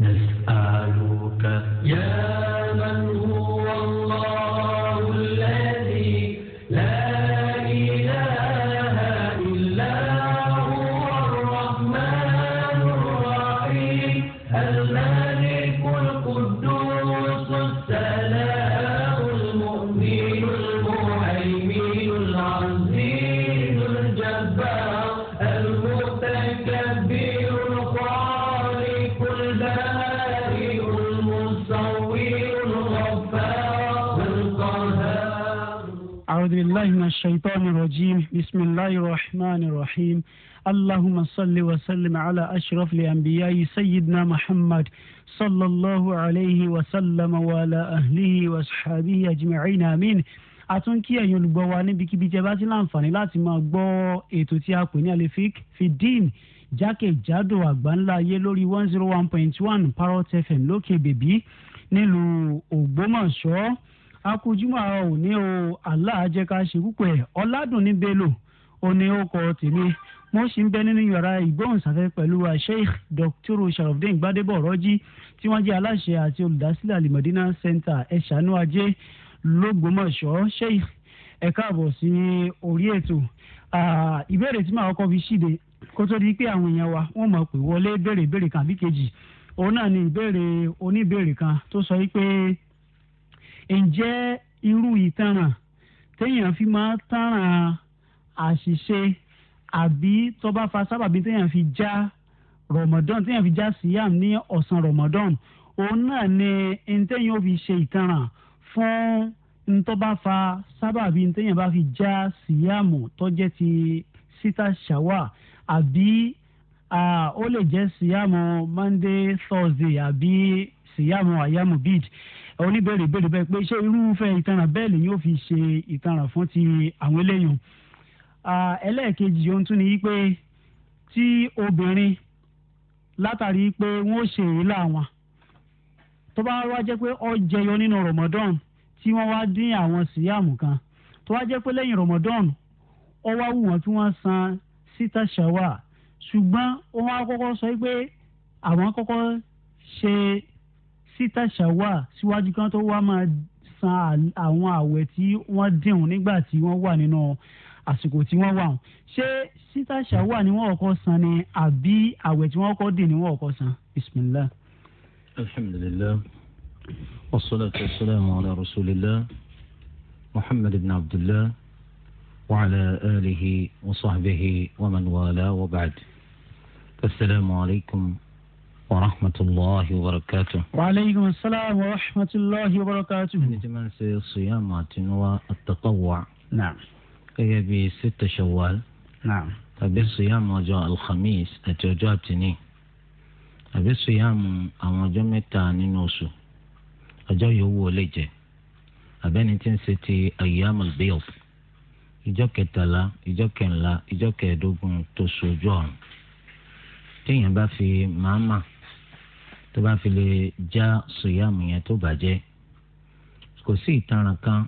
نسألك يا من الشيطان الرجيم بسم الله الرحمن الرحيم اللهم صل وسلم على أشرف الأنبياء سيدنا محمد صلى الله عليه وسلم وعلى أهله وصحبه أجمعين آمين atún kí ẹ̀yin olùgbọ́ wa níbikíbi tí ẹ bá ti láǹfààní láti máa gbọ́ ètò tí a pè ní alefik fidin jákèjádò àgbáńlá ayé lórí one zero one point one parrot fm lókè bèbí nílùú ògbómọ̀ṣọ́ akójúmọ́ àwọn òní o Allah á jẹ́ ká ṣe púpọ̀ ẹ̀ ọ̀làdùnní bello òní ó tèmi mo sì ń bẹ nínú yàrá ìgbóhùnsáfẹ́ pẹ̀lú sheikh dr sharafdin gbadebo rọ́jí tí wọ́n jẹ́ aláṣẹ àti olùdásílẹ̀ alimọ̀dínà center ẹ̀ṣánú ajé lọ́gbọ́mọ̀ṣọ́ sheikh ẹ káàbọ̀ sí orí ètò ìbéèrè tí màá kọ́ fi ṣíde kó tó di pé àwọn èèyàn wa wọ́n mọ̀ pé wọlé béèrè béèrè kan bí kejì òun náà ni ìbéèrè oníbéèrè kan tó sọ wípé ǹjẹ́ irú ìtanràn téèyàn fi máa tanràn àṣìṣe àbí tó bá fa sábàbí téèyàn fi já rọmọdán téèyàn fi já síyàm ní ọ̀sán rọmọdán òun náà ni ntẹ́yìn ó fi ṣe ìtanràn fún ntọ́ba fa sábàbí ntẹ́yìn bá fi já síyàmù tọ́jẹ́ ti síta ṣàwà àbí ó lè jẹ́ síyàmù monday thursday àbí síyàmù ayamu bid oníbèrè ìbéèrè bẹ́ẹ̀ pé ṣé irúfẹ́ ìtanràn bẹ́ẹ̀ lè yóò fi ṣe ìtanràn fún ti àwọn eléyàn ẹlẹ́ẹ̀kejì ohun tún ni wípé tí obìnrin látàrí pé wọ́n ṣe èélà wọn tó bá wá jẹ́ pé ó jẹyọ nínú Ramadan tí wọ́n wá dín àwọn síyàmù kan tó wá jẹ́ pé lẹ́yìn Ramadan ó wá wù wọ́n tí wọ́n san síta ṣàwà ṣùgbọ́n wọ́n á kọ́kọ́ sọ pé àwọn kọ́kọ́ ṣe síta ṣàwà síwájú kan tó wá máa san àwọn àwẹ̀ tí wọ́n dìhun nígbà tí wọ́n wà nínú àsìkò tí wọ́n wà hàn ṣé síta ṣàwà ni wọ́n kọ́kọ́ san ni àbí àwẹ̀ tí wọ́n kọ́kọ́ dì ni wọ́n kọ́kọ́ san bisimilah. alhamdulilah wasalaatu wasalaamu ala rasulillah muhammad ibn abdullah wa ala alihi wa sahbihi wa man wala wa ba'd. asalaamu As ورحمة الله وبركاته وعليكم السلام ورحمة الله وبركاته نتمنى الصيام والتطوع نعم gẹ́gẹ́ bí sita shawal tàbí suyam ọjọ́ alhamis àti ọjọ́ àtìní tàbí suyam àwọn ọjọ́ mẹ́ta nínú oṣù ọjọ́ yòówù ó lè jẹ́ abẹ́ni tí ń ṣe ti ayyam albayt ìjọ kẹtàlá ìjọ kẹńlá ìjọ kẹẹ̀ẹ́dógún tó sojú ọ̀run téèyàn bá fi màmá tó bá fi lè já sòyàmù yẹn tó bàjẹ́ kò sí ìtanràn kan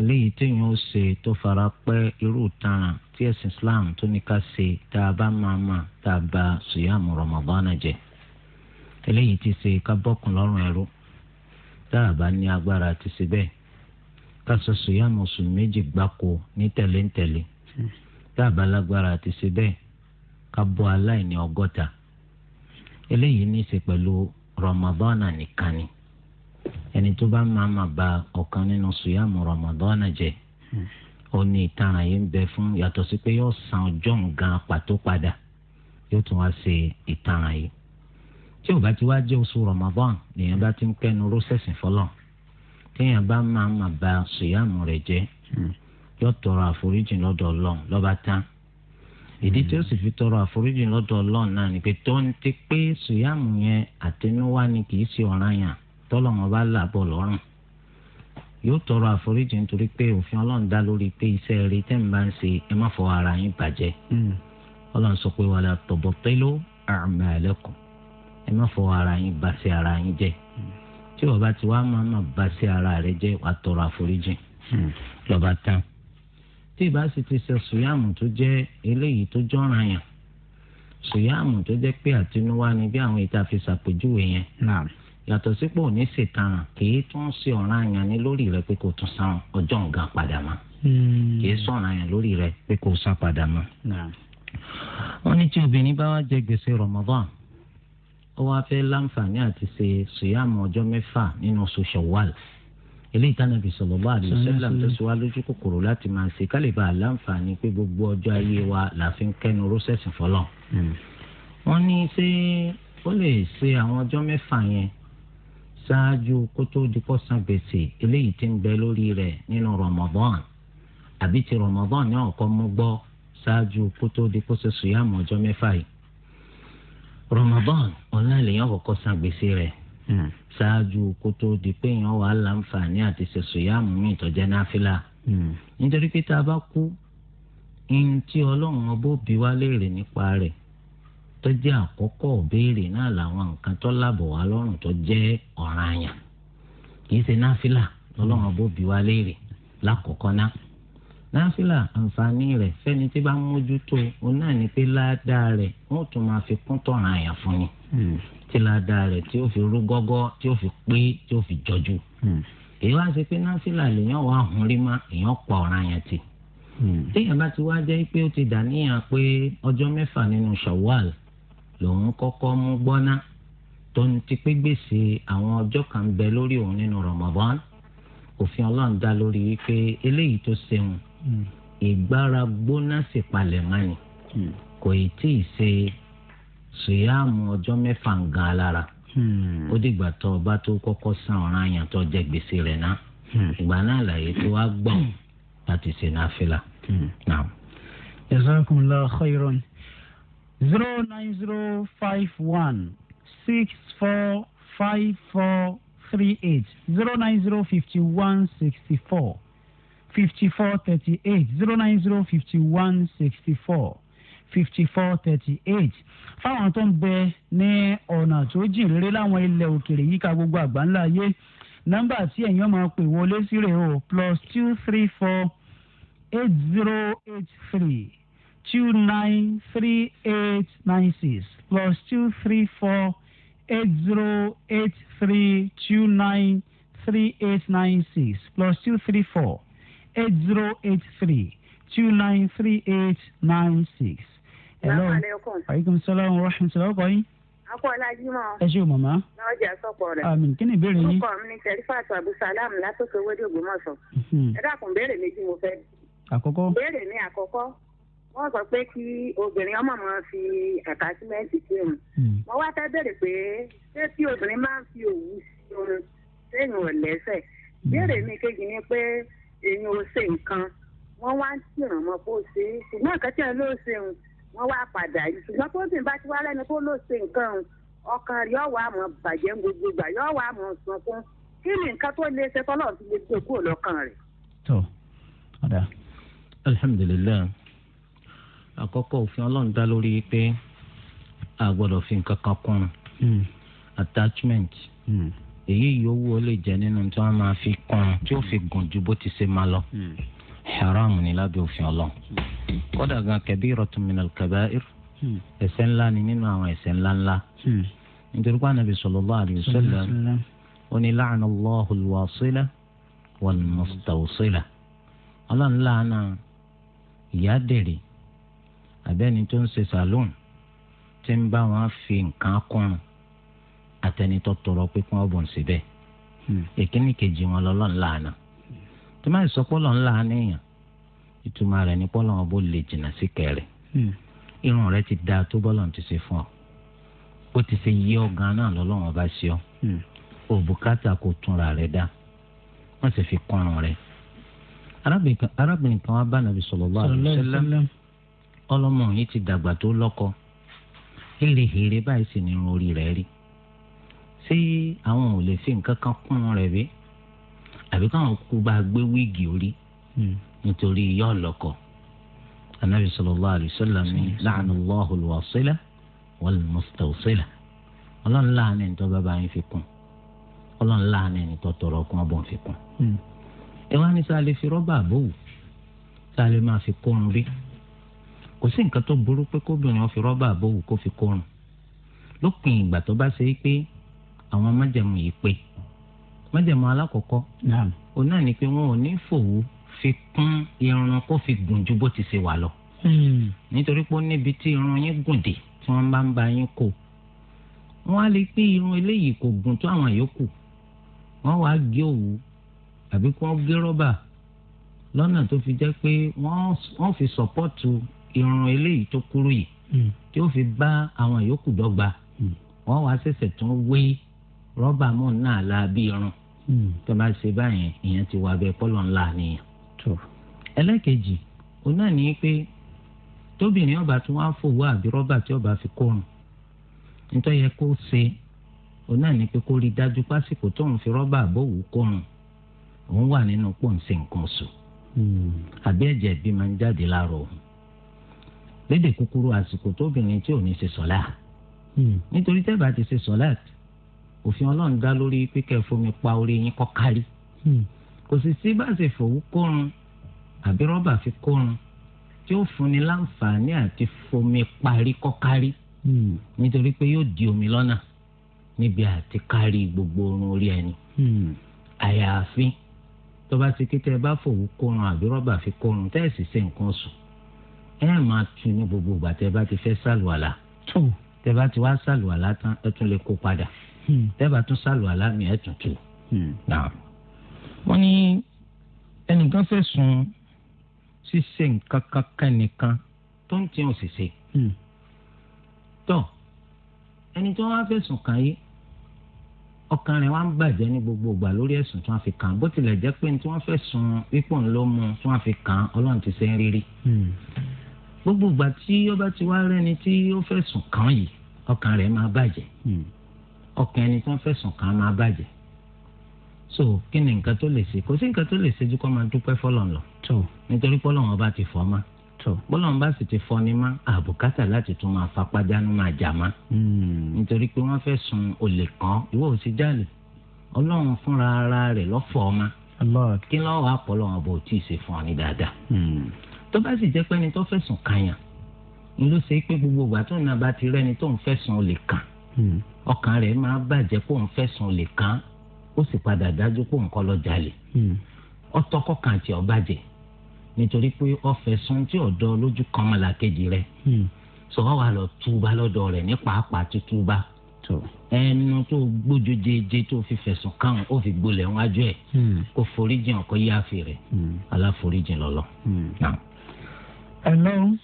eléyìí téèyàn ó ṣe tó fara pẹ́ irú ìtanràn tí ẹ̀sìn Islam tó ní ká ṣe tá a bá máa mà tá a bá sòyàmù Ramadana jẹ́ eléyìí ti ṣe ká bọ́kùn lọ́rùn ẹrú tá a bá ní agbára ti ṣe bẹ́ẹ̀ ká sọ sòyàmù oṣù méjì gbáko ní tẹ̀léńtẹ̀lé hmm. tá a bá lágbára ti ṣe bẹ́ẹ̀ ká bọ́ aláìní ọgọ́ta. eléyìí ní í ṣe pẹ̀lú rọmọdọ́nà nìkan ni ẹni tó bá máa ma ba ọ̀kan nínú sùyàmù rọmọdọ́nà jẹ hmm. ó ní ìtaràn yìí ń bẹ fún yàtọ̀ sí pé yóò san ọjọ́ nǹkan pàtó padà yóò tún wá ṣe ìtaràn yìí tí ò bá ti wá jẹ́ oṣù rọmọdọ́n nìyẹn bá ti ń kẹ́nu rósẹ̀sìn fọlọ́n téèyàn bá máa ma ba sùyàmù rẹ̀ jẹ hmm. yóò tọrọ àforíjì lọ́dọ̀ ọlọ́run lọ́ba ìdí hmm. tí ó sì fi tọrọ àforíjì lọ́dọ̀ ọlọ́run náà ni pé tó ń ti pé sùyàmù yẹn àtinúwá ni kì í ṣe ọ̀ranyàn tọ́lọ́mọ bá làbọ̀ lọ́rùn yóò tọrọ àforíjì nítorí pé òfin ọlọ́run dá lórí pé iṣẹ́ rere tẹ́ ń ṣe ẹ má fọ ara yín bàjẹ́ hmm. ọlọ́run sọ pé wàlá tọ̀bọ̀ pẹ́lú àmì àlẹ́kùn ẹ má fọ ara yín bá sí ara yín jẹ́ hmm. tí o ti wá máa má bá sí ara rẹ jẹ́ wàá tọrọ àforíjì lọ́ba tán tí ìbá sì ti ṣe sùyàmù tó jẹ́ eléyìí tó jọ́ràn yàn sùyàmù tó jẹ́ pé àtinúwá ni bí àwọn ìta fi ṣàpèjúwe yẹn yàtọ̀ sípò ní ṣètàn kìí tún ṣe ọ̀ràn yàn ní lórí rẹ pé kò tún san ọjọ́ nǹkan padà mọ́ hmm. kìí sọ̀ràn yàn lórí rẹ pé kò san padà mọ́. wọ́n ní tí obìnrin bá wá jẹ gbèsè Ramadan ó wá fẹ́ láǹfààní àti ṣe sùyàmù ọjọ́ mẹ́fà nínú oṣù Shawwal eléyìí tí Ànábì sallallahu alaihi wasallam tó sì wá lójú kòkòrò láti máa ṣe ká lè bá a láǹfààní pé gbogbo ọjọ́ ayé wa la fi ń kẹ́nu rọ́ṣẹ̀sì fọlọ́. Hmm. wọ́n ní ṣé ó lè ṣe àwọn ọjọ́ mẹ́fà yẹn ṣáájú kó tó di kó san gbèsè eléyìí tí ń bẹ lórí rẹ̀ nínú Ramadan àbí ti Ramadan ní ọ̀kọ́ mú gbọ́ ṣáájú kó tó di kó ṣe sùyàmù ọjọ́ mẹ́fà yìí Ramadan ọ̀nà lèyàn kọ́kọ́ san gbèsè Hmm. ṣáájú kó tó di pé èèyàn wà á láǹfààní àti ṣẹṣọ yáàmù mi ìtọ́jẹ́ náfìlà. Hmm. nítorí pé tá a bá kú ihun tí ọlọ́run ọbọ̀ bí wá léèrè nípa rẹ̀ tó jẹ́ àkọ́kọ́ òbéèrè náà làwọn nǹkan tó lábọ̀ wá lọ́rùn tó jẹ́ ọ̀ranyàn kì í ṣe náfìlà lọ́lọ́run ọbọ̀ bí wá léèrè lákọ̀ọ́kọ́ náà náfìlà àǹfààní rẹ̀ fẹ́ni tí bá mójútó òun náà ni pé ládàá rẹ̀ wọ́n tún máa fi kún tọ̀ràn àyàn fún ni. Hmm tí ládàá rẹ̀ tí ó fi rú gọ́gọ́ tí ó fi pé tí ó fi jọjú. èyí hmm. wá sí pé náfìlà lèèyàn wà hùn rí má èèyàn pa ọ̀ràn yẹn ti. Hmm. téèyàn bá ti wá jẹ́ pé ó ti dà níyàn pé ọjọ́ mẹ́fà nínú Shawwal lòun kọ́kọ́ mú gbọ́ná tó ń ti pé gbèsè àwọn ọjọ́ kan bẹ lórí òun nínú Ramadan òfin ọlọ́run dá lórí wípé eléyìí tó ṣeun hmm. ìgbára gbóná sì palẹ̀ mọ́ni kò ì tí ì ṣe ṣèyàmù ọjọ́ mẹ́fà ń gan alára hmm. ó dìgbà tó o bá tó kọ́kọ́ san ọ̀ràn àyàn tó jẹ́ gbèsè rẹ̀ náà hmm. ìgbà náà làyè tó wá gbọ̀n láti ṣe náfìlà. Hmm. jazakumullahu khairan zero nine zero five one six four five four three eight zero nine zero fifty one sixty four fifty four thirty eight zero nine zero fifty one sixty four. 5438. four thirty eight fáwọn tó ń bẹ ní ọ̀nà tó jìn rere láwọn ilẹ̀ òkèrè yíká gbogbo àgbáńlá ayé nọ́mbà tí ẹ̀yin máa pè wọlé sí rẹ̀ o plus two three four eight zero eight three two nine three eight nine six plus two three four eight zero eight three two nine three eight nine six plus two three four eight zero eight three two nine three eight nine six hello aleykum salaam wa rahmatulah ọkọ yín. akọ́lá jimọ̀. ẹ ṣe o màmá. lọ́jà sọ̀pọ̀ rẹ̀. àmín kí ni ìbéèrè yín. ọkọ mi ni sẹ́rífàtù abusalam látòkè wẹ́dí ògbómọ̀ṣọ́. Mhm. ẹ dákun béèrè méjì mo fẹ́. àkọ́kọ́. béèrè mi àkọ́kọ́ wọ́n sọ pé kí obìnrin ọmọ máa fi àtàsímẹ́ǹtì sí òun. Hmm. mo wá fẹ́ béèrè pé ṣé tí obìnrin máa ń fi òwú sí òun sẹ́yìn ò lẹ́sẹ̀. Hmm. béèrè mi kejì ni pé èyí ò ṣe nǹkan wọ́n wá ń tìrànmọ́ bó ṣe é ṣùgbọ́n àkàtì àlọ́ ṣe òun wọ́n wá padà ṣùgbọ́n tó sì bá ti wá lẹ́nu tó ló ṣe nǹkan ọkàn yóò wá mọ̀ bàjẹ́ gbogbo ìgbà yóò wá mọ̀ sunkún kí ni nǹkan tó lè ṣe tọ́lọ̀ fi lè gbé kúrò lọ́kàn rẹ̀. tó ọ̀dà alhamdulilayi àkọ́kọ́ òfin ọlọ́run dá lórí pé a gbọ́dọ̀ fi nǹkan kan kún un hmm. attachment hmm. èyí yòówù ó lè jẹ́ nínú tí wọ́n máa fi kún un tí ó fi gùn ju bó ti ṣe máa lọ hmm. haram ni lábẹ́ òfin ọlọ́run kódà gan kabiratun minal kabair hmm. ẹ̀ṣẹ̀ ńlá ni nínú àwọn ẹ̀ṣẹ̀ ńlá ńlá hmm. nítorí pé anabi sallallahu alayhi wa sallam ó ní la'ana Allahu al-wasila wal-mustawsila ọlọ́run láàánà ìyá dèrè àbẹ́ni tó ń ṣe sàlóun tí ń bá wọn fi nǹkan kún àtẹnitọ́ tọrọ pé kí síbẹ̀ èkíní hmm. kejì wọn lọ́lọ́run láàánà tó sọ pé ọlọ́run láàánà ìtumọ̀ rẹ̀ ní pọ́lọ́ wọn bó lè jìnnà sí kẹrẹ̀ hmm. irun rẹ ti da tó bọ́lọ̀ ti ṣe fún ọ ó ti ṣe yí ọ̀gá náà lọ́lọ́wọ́n bá ṣe ọ hmm. òbúkátà kò túnra rẹ̀ dá wọ́n sì fi kọrùn rẹ̀ arábìnrin kan wá bá nàbì sallallahu alaihi wasallam ọlọ́mọ yìí ti dàgbà tó lọ́kọ ilé hèrè báyìí sì ní orí rẹ̀ rí ṣé àwọn ò lè fi nǹkan kan kún rẹ̀ bí àbí káwọn kú bá gbé wíìgì orí hmm nítorí yóò lọ́kọ anabi sallallahu alayhi wa sallam ni la'ana allahu alwasila wal mustawsila ọlọ́run láàánú ẹni tó bá bá yín fi kún ọlọ́run láàánú ẹni tó tọrọ kún ọbọ̀n fi kún. Hmm. ẹ wá ní sáà lè fi rọ́bà àbòwò sáà lè máa fi kórun rí kò sí nǹkan tó burú pé kóbìnrin ó fi rọ́bà àbòwò kó fi kórun lópin ìgbà tó bá ṣe é pé àwọn májẹ̀mú yìí pé májẹ̀mú alákọ̀ọ́kọ́ òun náà ni pé wọn ò ní fòwú fi kún irun kó fi gùn ju bó ti ṣe wà lọ. Hmm. nítorí pé ó níbi tí irun yín gùn dé tí wọ́n bá ń ba yín kó wọ́n á lè pé irun eléyìí kò gùn tó àwọn yòókù wọ́n wàá gé òwú àbí kí wọ́n gé rọ́bà lọ́nà tó fi jẹ́ pé wọ́n fi sọ́pọ́tù irun eléyìí tó kúrú yìí hmm. tí ó fi bá àwọn yòókù dọ́gba hmm. wọ́n wàá ṣẹ̀ṣẹ̀ tún wé rọ́bà mọ́ náà la irun tó bá ṣe báyẹn ìyẹn ti wà bẹ́ẹ̀ pọ́lọ̀ ńlá nìyẹn tó ẹlẹ́kejì òun náà ní pé tóbìnrin ọba tí wọ́n á fòwò àbí rọ́bà tí ọba fi kórun nítorí yẹ kó ṣe òun náà ní pé kó rí dájú pásìkò tóun fi rọ́bà àbòwò kórun òun wà nínú pòǹsì nǹkan oṣù hmm. àbí ẹ̀jẹ̀ bí máa ń jáde láàárọ̀ òun lédè kúkúrú àsìkò tóbìnrin tí ò ní ṣe sọ̀lá hmm. nítorí tẹ́ bá ti ṣe sọ̀lá òfin ọlọ́run dá lórí pé kẹ́ fomi pa orí yín kọ́ kárí hmm kò sì sí bá ṣe fòwú kórun àbí rọ́bà fi kórun tí ó fúnni láǹfààní àti fomi parí kọ́kárí hmm. nítorí pé yóò di omi lọ́nà níbi àti kárí gbogbo orun orí ẹni hmm. àyàfi tó bá ti kété ẹ bá fòwú kórun àbí rọ́bà fi kórun tẹ́ ẹ̀ sì ṣe nǹkan sùn ẹ máa tu ní gbogbo ìgbà tẹ́ bá ti fẹ́ sàlùwàlà tẹ́ bá ti wá sàlùwàlà tán ẹ tún lè kó padà hmm. tẹ́ bá tún sàlùwàlà mi ẹ tún tù wọ́n ní ẹnìkan fẹ̀sùn ṣíṣe nǹkan kankan nìkan tó ń tiẹ̀ òṣìṣẹ́ hmm. tó ẹni tó wá fẹ̀sùn kàn yìí ọkàn rẹ̀ wá ń bàjẹ́ ní gbogbo ìgbà lórí ẹ̀sùn tí wọ́n fi kàn bó tilẹ̀ jẹ́ pé tí wọ́n fẹ̀sùn pípọ̀ ńlọ mu tí wọ́n fi kàn ọlọ́run ti ṣe ń rírí hmm. gbogbo ìgbà tí ó bá ti wá rẹ́ni tí ó fẹ̀sùn kàn yìí ọkàn rẹ̀ máa bàjẹ́ hmm. ọkàn ẹni tí wọ́n fẹ̀sùn kàn máa bàjẹ́ so kí ni nǹkan tó lè ṣe kò sí nǹkan tó lè ṣe ju kó máa dúpẹ́ fọlọ́n lọ nítorí pọ́lọ́wọ́n bá ti fọ́ ma bọ́lọ́wọ́n bá sì ti fọ́ ni ma àbùkátà láti tún máa fapájánú máa jà ma hmm. nítorí pé wọ́n fẹ́ sun olè kan ìwọ ò sì jáde ọlọ́run fúnra ara rẹ̀ lọ́fọ̀ọ́ ma kí lọ́wọ́ àpọ̀lọ́wọ́n bò tí ì ṣe fún ọ ní dáadáa hmm. tó bá sì jẹ́ pé ẹni tó fẹ̀sùn kàyàn ni ló ṣe pé gbogbo ìgbà tó ń nàbà ti rẹ́ni tó ń fẹ̀sùn olè kàn hmm. ọkàn rẹ̀ máa bàjẹ́ kó ń fẹ̀sùn olè kàn ó sì padà dájú pé nǹkan lọ jalè ọtọkọ hmm. kan tí ọba jẹ nítorí pé ọfẹ sun tí ọdọ lójú kan mọ làkejì rẹ hmm. sọ wá wà lọ túba lọ́dọ̀ rẹ ní pàápàá tútúba ẹnu tó gbójú jẹjẹ tó fi fẹ̀sùn kàn ó fi gbolẹ̀ wájú ẹ hmm. kó foríjìn ọkọ yááfì rẹ aláforíjìn lọlọ. ẹ lọ́rùn.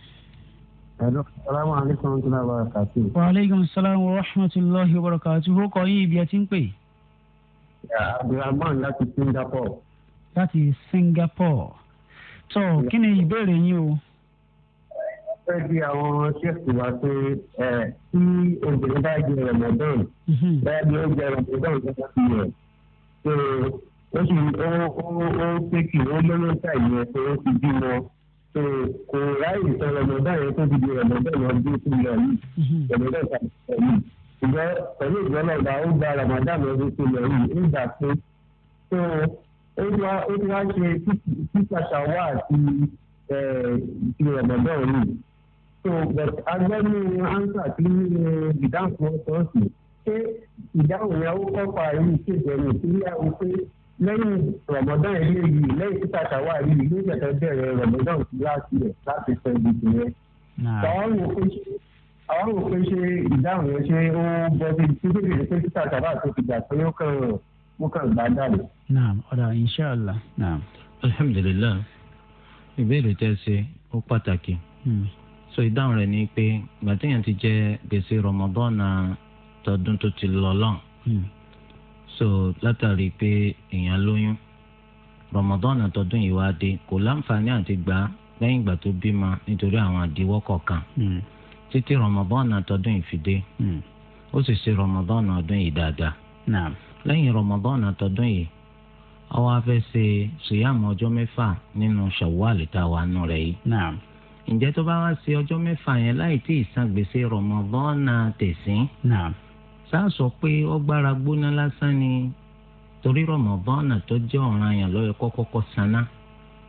Hello, salamu alaikum wa rahmatulahi wa barakatuhu. Wa alaikum salam wa rahmatulahi wa barakatuhu. Ó kọ yín ibi ẹ ti ń pè abdulrahman láti singapore. láti singapore tó kí ni ìbéèrè yín o. fẹ́ bí àwọn ṣẹ́ẹ̀kì wá pé tí obìnrin bá jẹ ramadan mhm. bá jẹ oúnjẹ ramadan lọ́wọ́ sí yẹn tó ó sì ó ó tẹ́kì ó lọ́wọ́ ta ìyẹn tó ó ti bímọ tó kò ráyè sọ ramadan yẹn tó ti di ramadan lọ́dún tó lọ yìí mhm. ramadan tó lọ yìí ìgbọ́ pẹ̀lú ìgbọ́nà ọ̀dà ó gba Ramadan ọdún tó lọ yìí nígbà tó tó ó ti wá ó ti wá ṣe títàṣà wá àti ti Ramadan yìí tó but agbẹ́nu ansa tí ìdáhùn fún ọ̀sọ̀ọ̀sì ṣé ìdáhùn yẹn ó kọ́kọ́ àyè ìṣèjọba ìpínlẹ̀ òkè lẹ́yìn Ramadan eléyìí lẹ́yìn títàṣà wá yìí ló ṣẹ̀ṣẹ̀ bẹ̀rẹ̀ Ramadan láti rẹ̀ láti sọ ìdìbò yẹn àwọn rò pé ṣé ìdáhùn yẹn ṣé ó bọ́ sí ti bèbè rẹ pé títà tàbá tó ti gbà pé ó kàn ó kàn gbà dàrú. naam ọ̀dà inshàlá naam. alhamdulilayi ìbéèrè tẹ́ ṣe ó pàtàkì hmm. so ìdáhùn rẹ̀ ni pé ìgbà téèyàn ti jẹ gbèsè rọmọbọ́ọ̀nà tọdún tó ti lọ lọ́n hmm. so látàrí pé èèyàn lóyún rọmọbọ́ọ̀nà tọdún yìí wá dé kò láǹfààní àti gbà lẹ́yìn ìgbà tó bímọ nítorí àwọn àdíwọ́ kọ̀ọ̀kan. Mm. títí rọmọbọ́ọ̀nù àtọ́dún yìí fide o hmm. ó sì ṣe rọmọbọ́ọ̀nù ọdún yìí dáadáa lẹ́yìn rọmọbọ́ọ̀nù àtọ́dún yìí àwa fẹ́ ṣe ṣìyàmù ọjọ́ mẹ́fà nínú ṣàwọ́ọ̀lì tá a wà nù rẹ̀ yìí ǹjẹ́ tó bá wá ọjọ́ sọ pé ó gbára gbóná lásán ni torí rọmọbọ́ọ̀nù tó jẹ́ ọ̀ràn yẹn saná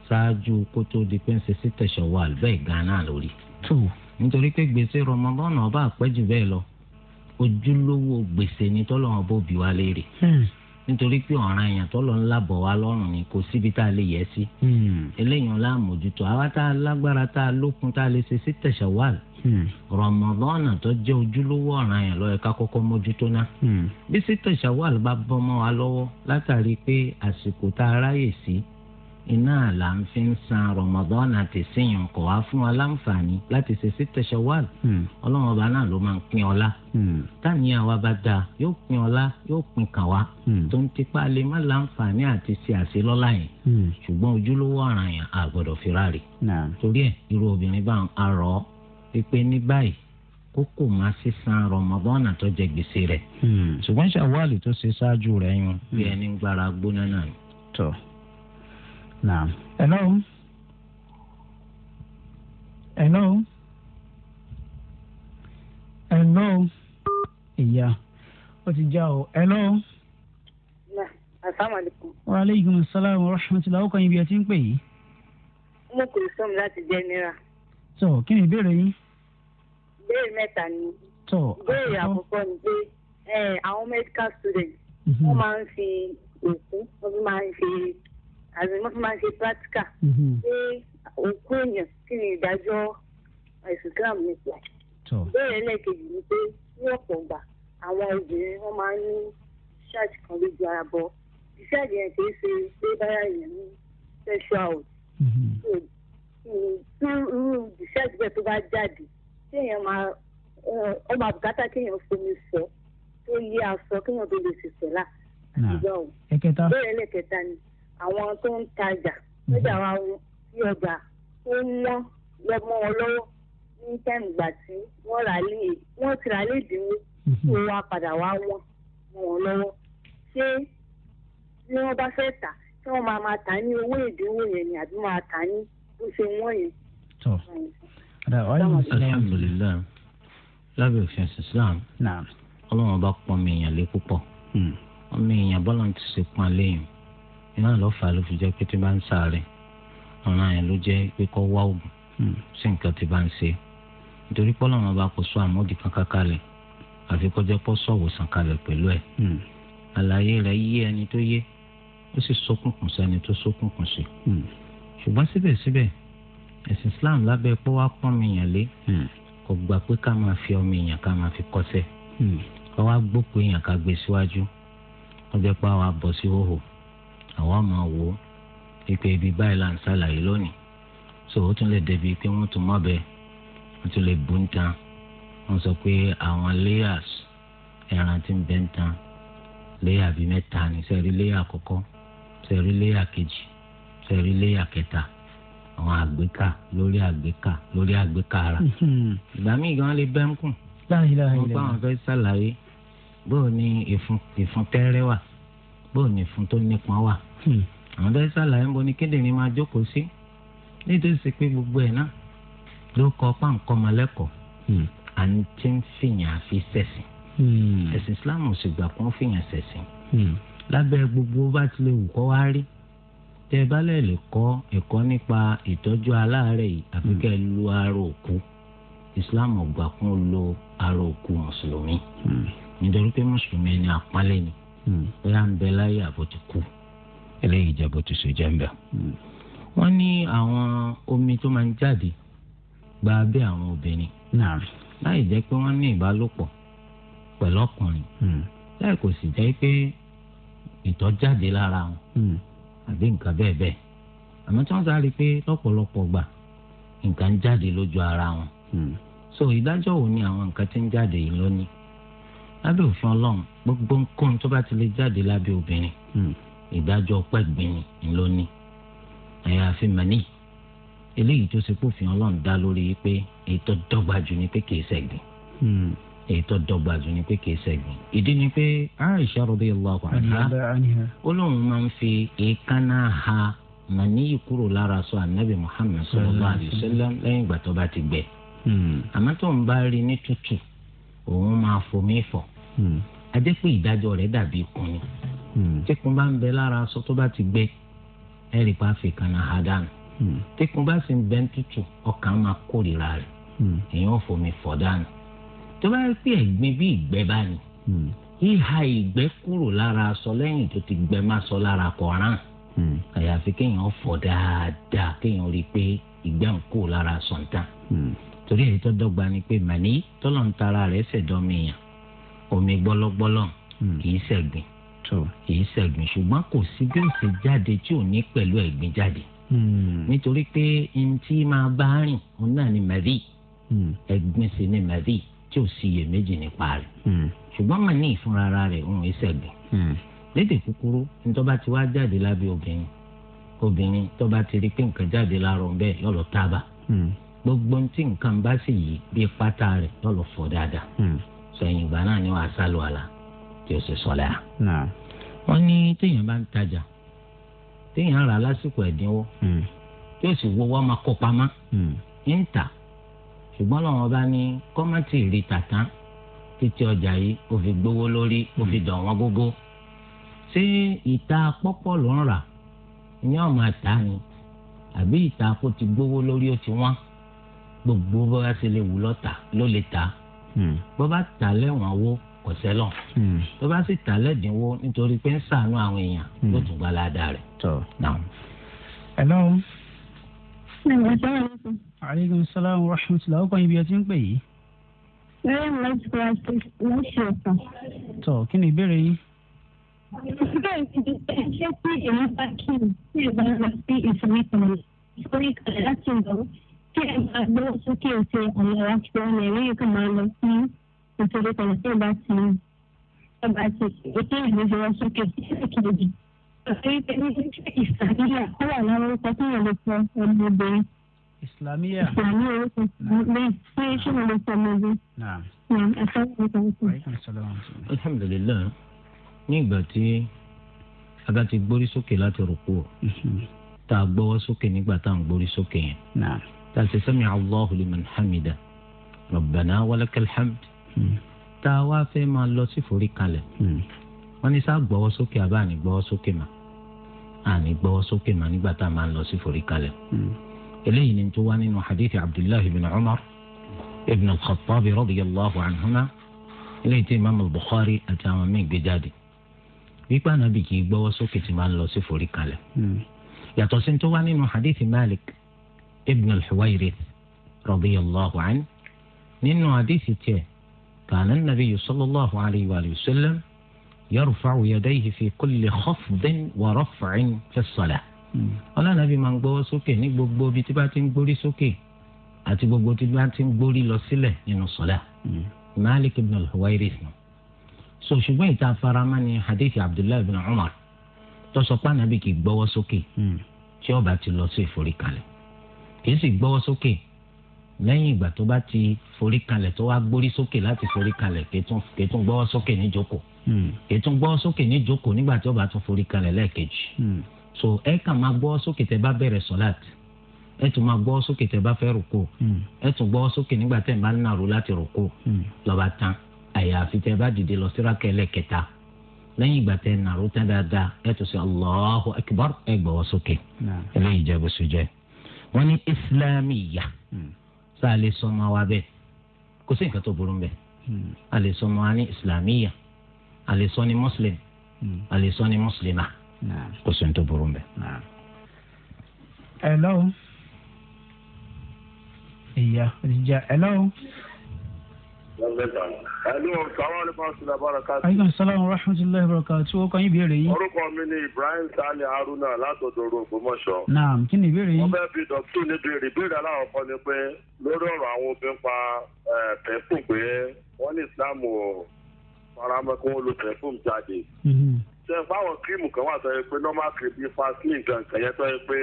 ṣáájú nítorí pé gbèsè Ramadan ọba àpẹ́jù bẹ́ẹ̀ lọ ojúlówó gbèsè ni tọ́lọ́wọ́n bó bí wa léèrè hmm. nítorí pé ọ̀ràn èèyàn tọ́lọ́ ńlá bọ̀ wá lọ́rùn ni kò síbi tá a lè yẹ sí hmm. eléyìí ńlá àmójútó àwa tá a lágbára tá a lókun tá a lè ṣe sí tẹ̀sẹ̀wáàl hmm. Ramadan tó jẹ́ ojúlówó ọ̀ràn èèyàn lọ́yẹ ká kọ́kọ́ mójútó ná bí sí tẹ̀sẹ̀wáàl bá bọ́ mọ́ wa lọ́wọ́ látàrí pé àsìkò tá a ráyè sí iná àlà ń fi ń san Ramadan àti sẹ́yìn kọ̀ wá fún wa láǹfààní láti ṣe sí tẹ̀sẹ̀wáàl hmm. ọlọ́run ọba náà ló máa ń pín ọlá hmm. àwa bá da hmm. tipa lè má láǹfààní àti ṣe àṣelọ́lá yẹn ṣùgbọ́n ojúlówó ọ̀ràn yẹn a gbọ́dọ̀ torí ẹ̀ irú obìnrin bá ń arọ̀ pípé ní báyìí jẹ gbèsè rẹ̀ ṣùgbọ́n ṣàwálì tó ṣe ṣáájú rẹ̀ yun Naam. Hello. Hello. Hello. Ìyá ó ti já o. Hello. Asalaamualeykum. Wa aleykum salaam wa rahmatulah. Ó kàn yín bí ẹ ti ń pè yìí. Mo kò sọ́mu láti jẹ́ náírà. Sọ kí ni ìbéèrè yín? Ìbéèrè mẹ́ta ni. Sọ àkọ́kọ́. Ìbéèrè àkọ́kọ́ ni pé eh, àwọn medical students mhm. wọ́n máa ń fi òkú wọ́n máa ń fi àbí wọ́n fi máa ń ṣe practical mhm. pé òkú èèyàn kí ni ìdájọ́ Islam nípa bẹ́ẹ̀ ẹlẹ́ẹ̀kejì ni pé ní ọ̀pọ̀ ìgbà àwọn obìnrin wọ́n máa ń ní ṣáàtì kan lójú ara bọ ṣáàtì yẹn kì í ṣe pé báyà yẹn ní sexual mhm. irú ṣáàtì bẹ́ẹ̀ tó bá jáde kéèyàn máa ọ máa bùkátà kéèyàn fomi sọ tó yé aṣọ kéèyàn tó lè ṣiṣẹ́ là àtijọ́ bẹ́ẹ̀ ẹlẹ́ẹ̀kẹta ni àwọn tó ń tajà lọ́jà wa sí ọjà tó wọ́n lọ́mọ wọn lọ́wọ́ ní tẹ́ǹ gbà tí wọ́n rà lé wọ́n ti rà lé ìdínwó tí wọ́n wá padà wá wọ́n mọ́ wọn lọ́wọ́ ṣé bí wọ́n bá fẹ́ tà tí wọ́n máa máa tà ní owó ìdínwó yẹn ni àbí máa tà ní bó ṣe wọ́n yẹn. tọ́ alhamdulilayi lábẹ́ òfin islam ọlọ́run bá pọ́n mi èèyàn lé púpọ̀ hmm. ọmọ èèyàn bọ́lá ti ṣe pọ́n léyìn iná ló fà á ló fi jẹ́ pé tí bá ń sáré ọ̀ràn yẹn ló jẹ́ pé kọ́ wá òògùn hmm. sí nǹkan tí bá ń ṣe nítorí pé ọlọ́run ọba kò sọ àmódì kankan kalẹ̀ àfi kọjá pọ́ sọ̀wòsàn kalẹ̀ pẹ̀lú ẹ̀ hmm. àlàyé rẹ̀ yé ẹni tó yé ó sì sókùnkùn sẹ́ni tó sókùnkùn sí hmm. ṣùgbọ́n síbẹ̀síbẹ̀ ẹ̀sìn Islam lábẹ́ pọ́ wá pọ́n mi yàn lé kò gbà pé ká máa fi ọmọ èèyàn ká máa fi kọ́sẹ̀ ká wá gbókòó èèyàn ká gbé síwájú ó jẹ́ pé àwa bọ̀ sí hòhò àwa máa wò ó pípé ibi báyìí là ń ṣàlàyé lónìí so ó tún lè débi pé wọ́n tún mọbẹ wọ́n tún lè bú ń tan wọ́n sọ pé àwọn layers ẹran tí ń bẹ ń tan layer bíi mẹ́ta ní sẹẹrí layer àkọ́kọ́ sẹẹrí layer kejì sẹẹrí layer kẹta àwọn àgbéká lórí àgbéká lórí àgbéká ara ìgbà míì gan lè bẹ́ ń bá wọn fẹ́ ṣàlàyé bóò ni ìfun tẹ́rẹ́ wà bóun ní fún tó nípọn wà. Hmm. àwọn bẹ́ẹ̀ sàlàyé ń bo ní kíndìnrín máa jókòó sí nítorí sí pé gbogbo ẹ̀ náà ló kọ páǹkọ́ mọ́lẹ́kọ̀ọ́ hmm. à ń tí ń fìyàn àfi sẹ̀sìn. Hmm. ẹ̀sìn Islam ò sì gbà kó ń fìyàn sẹ̀sìn. lábẹ́ gbogbo bá ti lè wù kọ́ wá rí tẹ́ bá lè lè kọ́ ẹ̀kọ́ nípa ìtọ́jú aláàárẹ̀ yìí àfi lu ara òkú Islam gbà kó lo ara òkú mùsùlùmí nítorí pé mùsùlùmí ni àpọ́nlé ni Hmm. bóyá ń bẹ láyé àbò eléyìí jẹ́ ti hmm. wọ́n ní àwọn omi tó máa ń jáde gba abẹ́ àwọn obìnrin láì jẹ́ pé wọ́n ní ìbálòpọ̀ pẹ̀lú ọkùnrin hmm. láì kò sì jẹ́ pé ìtọ̀ jáde lára wọn àbí nǹkan bẹ́ẹ̀ bẹ́ẹ̀ àmọ́ tí wọ́n pé lọ́pọ̀lọpọ̀ gbà nǹkan jáde lójú ara wọn. so ìdájọ́ wo ni àwọn nǹkan ti ń jáde yìí lónìí lábẹ́ òfin ọlọ́run gbogbo nǹkan tó bá ti lè jáde lábẹ́ obìnrin hmm. ìdájọ́ pẹ̀gbin ló ní àyàfi mẹ́ni eléyìí tó ṣe pófin ọlọ́run dá lórí pé ètò dọ́gba jù ní pé kìí ṣẹ̀gbìn hmm. ètò dọ́gba jù ní pé kìí ṣẹ̀gbìn ìdí ni pé Aisha radiyallahu anha ó lóun máa ń fi èékánná ha mẹ́ni kúrò lára sọ anabi Muhammad sallallahu alaihi wasallam lẹ́yìn ìgbà tó bá ti gbẹ hmm. àmọ́ tó ń bá rí ní tútù. òun máa fomi fọ̀ hmm. ajẹ́ pé ìdájọ́ rẹ̀ dàbí ikùn ni hmm. tíkun bá ń bẹ lára aṣọ tó bá ti gbẹ ẹ̀rì pa fìkànnà àdánù hmm. tíkun bá sì ń bẹ tútù ọkàn máa kórìíra rẹ̀ èèyàn fomi fọ̀ dànù tó bá rí pé ẹ̀gbin bí ìgbẹ́ bá ní ìhà ìgbẹ́ kúrò lára aṣọ lẹ́yìn tó ti gbẹ má sọ lára kọ̀ọ̀ràn àyàfi kéèyàn dáadáa kéèyàn rí i pé ìgbẹ́ torí èyí tó dọ́gba ni pé màní tọ́lọ̀ ń tara rẹ̀ ṣẹ̀dọ́mìyàn omi gbọ́lọ́gbọ́lọ́ hmm. kì í ṣẹ̀gbìn kì í ṣẹ̀gbìn ṣùgbọ́n kò sí bí ó ṣe jáde tí ò ní pẹ̀lú ẹ̀gbin jáde hmm. nítorí pé n tí máa bá rìn òun náà ni màdí hmm. ẹ̀gbin sì ni màdí tí ò sí iyèméjì nípa rẹ̀ ṣùgbọ́n màní ìfúnra rẹ̀ òun ìṣẹ̀gbìn lédè kúkúrú nítorí bá ti wá jáde lábẹ́ obìnrin obìnrin tó bá ti rí pé nǹkan jáde láàrọ̀ bẹ́ẹ̀ yọ̀lọ̀ tábà gbogbo tí nǹkan bá sì yí bí pátá rẹ̀ lọ́lọ́ fọ́ dáadáa hmm. sẹ́yìn ìgbà náà ni wàá sálọ àlà tí o sì sọlẹ̀ à. wọ́n ní téèyàn bá ń tajà téèyàn rà lásìkò ẹ̀dínwó hmm. tí o sì wo wọ́n máa kó pamọ́ hmm. ń tà ṣùgbọ́n lọ́wọ́ bá ní kọ́mọ́tì rí tàtán títí ọjà yìí ó fi gbówó lórí ó fi dàn wọ́n gógó ṣé ìta pọ́pọ́ ló ń rà ìyẹn ọ̀ máa tà ni àbí ìta kó ti gbówó lórí ó ti wọ́n gbogbo bó bá ṣe lè wù lọ́ta ló lè ta hmm. bó bá ta lẹ́wọ̀n owó kò sẹ́lọ̀ hmm. tó bá sì ta lẹ́dínwó nítorí pé ń ṣàánú àwọn èèyàn ló hmm. tún gba ládàá rẹ̀. hello. aleykum salaam wa rahmatulah ọkọ ibi ẹ ti ń pè yìí. tọ kí ni ìbéèrè yín. ìbéèrè ti di ṣé kí èèyàn bá kí n tí ìbára sí ìsinmi kan lórí kalẹ̀ láti ìgbà wọ́n kí ẹ bá gbọ́ sókè ṣe àwọn aṣọ ọmọ ẹ̀rí yìí kàn máa lọ sí nítorí kan tí ẹ bá ti ẹ bá ti ètò ìlú jọ sókè ẹ̀kejì. ìsàmìlà ó wà lára orúkọ tó yàn lè sọ ọmọbìnrin. ìsìlámíyà ìsìlámíyà orúkọ lè ní ìgbà tí a bá ti gbórí sókè láti rò kú ọ tá a gbọ́wọ́ sókè nígbà tá à ń gbórí sókè yẹn. تالت سمع الله لمن حمده ربنا ولك الحمد hmm. تاوا في ما لو سي فوري كاله hmm. وني سا غبو سوكي ما اني غبو سوكي ما ني غتا ما لو سي فوري كاله hmm. إليه نمتوان وحديث عبد الله بن عمر ابن الخطاب رضي الله عنهما إليه إمام البخاري التامامي بجادي بيبان أبيكي بواسو كتما لو سفوري كالي يا توسين توان حديث مالك ibn al-Huwayrith radiyallahu anhu nínú àdìsí tiẹ̀ kana an-nabiyyu sallallahu alayhi wa sallam yarfa'u yadayhi fi kulli khafdin wa raf'in fi as-salah. ọlọ́nàbí máa ń gbọ́wọ́ sókè ní gbogbo ibi tí bá ti ń gbórí sókè àti gbogbo tí bá ti ń gbórí lọ sílẹ̀ nínú sọ́lá. Malik ibn al-Huwayrith nù. so ṣùgbọ́n ìta farama ni hadithi Abdullahi ibn Umar tó sọ pé ànábì kì í gbọ́wọ́ sókè tí ó bá ti lọ sí ìforíkalẹ̀ kì í sì gbọ́wọ́ sókè lẹ́yìn ìgbà tó bá ti forí kalẹ̀ tó wá gbórí sókè láti forí kalẹ̀ kì í tún gbọ́wọ́ sókè níjókòó kì í tún gbọ́wọ́ sókè níjókòó hmm. nígbà tí ó tún forí kalẹ̀ lẹ́ẹ̀kejì hmm. so ẹ kàn máa gbọ́wọ́ sókè tẹ́ bá bẹ̀rẹ̀ sọ́láàtì ẹ tún máa gbọ́wọ́ sókè tẹ́ bá fẹ́ rùkú hmm. ẹ tún gbọ́wọ́ sókè nígbà tẹ́ bá ń nàró láti rùkú lọ́ba tán àyàfi tẹ́ bá dìde lọ sí Akbar ẹ gbọ́wọ́ sókè eléyìí jẹ́ bó wọ́n ní islamiyya sá hmm. a lè sọmọ wa bẹ́ẹ̀ kò sí nǹkan tó burú bẹ́ẹ̀ hmm. a lè sọmọ wa ní islamiyya a lè sọ ní muslim hmm. a lè sọ ní muslima kò sí nǹkan tó burú bẹ́ẹ̀. hello ìyá ìjà hello. Ẹ̀lú sàwọn alẹ́ fún ṣùgbọ́n abárakàtú. Ayíká sàlámù rahmatulahi barakàtú. Ó kàn Orúkọ mi ni Ibrahim Sani Haruna látọ̀dọ̀ Ògbómọ̀ṣọ́. Naam, kí ni ìbéèrè yín? Wọ́n fẹ́ fi dọ̀tí ní béèrè. Ìbéèrè aláwọ̀kọ́ ni pé lórí ọ̀rọ̀ àwọn obìnrin pa eh, pẹ̀fún pé wọ́n ní Ìsìlámù ò faramọ́ kí wọ́n lo pẹ̀fún jáde. Mm-hmm. Ṣé báwọn kírìmù kan wà sọ pé normal cream bíi Vaseline gan kan yẹn sọ pé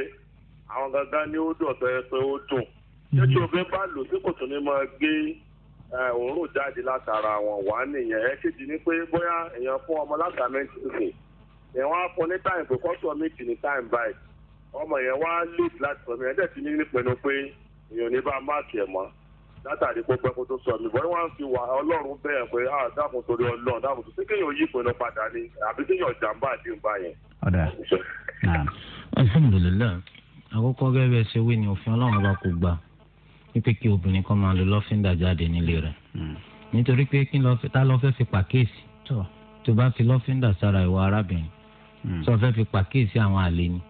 àwọn gangan ni ó dùn sọ pé ó dùn. Mm-hmm. Ṣé tí obìnrin bá lò sí kò ní máa gbé òun ló jáde látara wọn wà nìyẹn ẹ̀kejì ni pé bóyá èèyàn fún ọmọ látàmẹ́ntì nìyẹn èèyàn wá fún ní táìmù pé kọ́sọ̀ méjì ní táìmù báyìí ọmọ yẹn wá late láti sọ mi ẹ̀ dẹ̀ ti ní nípinnu pé èèyàn ní bá máàkì ẹ̀ mọ́ látàrí pípẹ́ kó tó sọ mi bọ́ wọ́n fi wà ọlọ́run bẹ́ẹ̀ pé á dákun torí ọlọ́run dákun tó sí kéèyàn yí ìpinnu padà ni àbí kéèyàn jàǹbá àdéhùn báyẹn. ọ̀dà alhamdulilayi àkọ́kọ́ gẹ́gẹ́ bẹ́ẹ̀ ṣe wí ni òfin ọlọ́run bá kò gbà wípé kí obìnrin kan máa lo lọ́fíńdà jáde nílé rẹ̀ hmm. nítorí pé kí ta ló fẹ́ fi pàkíyèsí tó bá fi lọ́fíńdà sára ìwọ arábìnrin tó hmm. fẹ́ fi pàkíyèsí àwọn àlè ni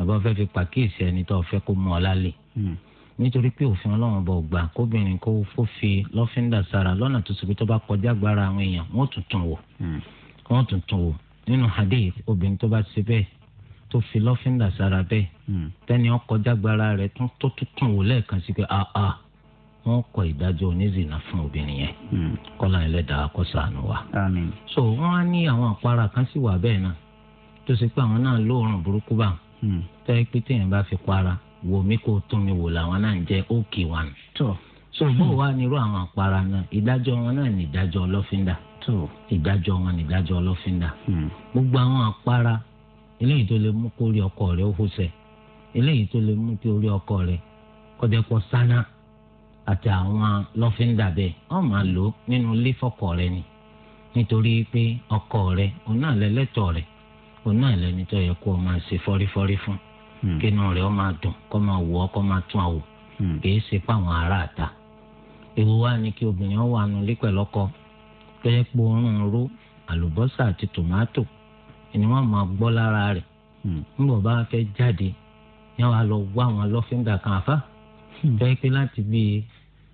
àbá fẹ́ fi pàkíyèsí ẹni tó fẹ́ kó mú ọ lálẹ́ hmm. nítorí pé òfin ọlọ́run bọ̀ gbà kóbìnrin kó fó fi lọ́fíńdà sára lọ́nà tó sì pé tó bá kọjá agbára àwọn èèyàn wọ́n tuntun wò wọ́n tuntun wò nínú hadith obìnrin tó bá ti ṣe bẹ́ẹ̀ tó fi lọ́fíńdà sára bẹ́ẹ̀ hmm. tẹ́ni ọkọjá gbára rẹ̀ tó tún kàn wò lẹ́ẹ̀kan sí pé àà ah, ah. wọ́n kọ fún obìnrin yẹn hmm. kọ́lá ẹlẹ́dàá akọsa ṣàánú wa. so wọ́n á ní àwọn àpárá kan sì wà bẹ́ẹ̀ náà tó ṣe pé àwọn náà burúkú bá hmm. pé fi para wò mí kó tún mi wò làwọn náà ń jẹ́ òkè so bó nírú àwọn àpárá náà ìdájọ́ wọn náà ní ìdájọ́ ọlọ́fíńdà ìdájọ́ wọn ní ìdájọ́ gbogbo àwọn àpárá eléyìí tó lè mú kó rí ọkọ rẹ̀ ó fòsẹ̀ eléyìí tó lè mú kí orí ọkọ rẹ kọjá pọ̀ sáná àti àwọn lọ́fíńdà bẹ́ẹ̀ wọ́n máa lò nínú ilé fọkọ ni nítorí pé ọkọ rẹ òun náà lẹ́lẹ́tọ̀ rẹ̀ òun náà lẹ́ni yẹ kó o máa ṣe fọ́rífọ́rí fún hmm. ó máa dùn kó máa wù ọ́ kó máa tún àwò hmm. kìí ṣe páwọn ará àta wa ni kí obìnrin wà pẹ̀lú ọkọ ẹni wọn máa gbọ́ lára rẹ̀ hmm. nígbà bá fẹ́ jáde yẹn wàá lọ wá àwọn lọ́fíńdà kan àfa fẹ́ hmm. pé láti bíi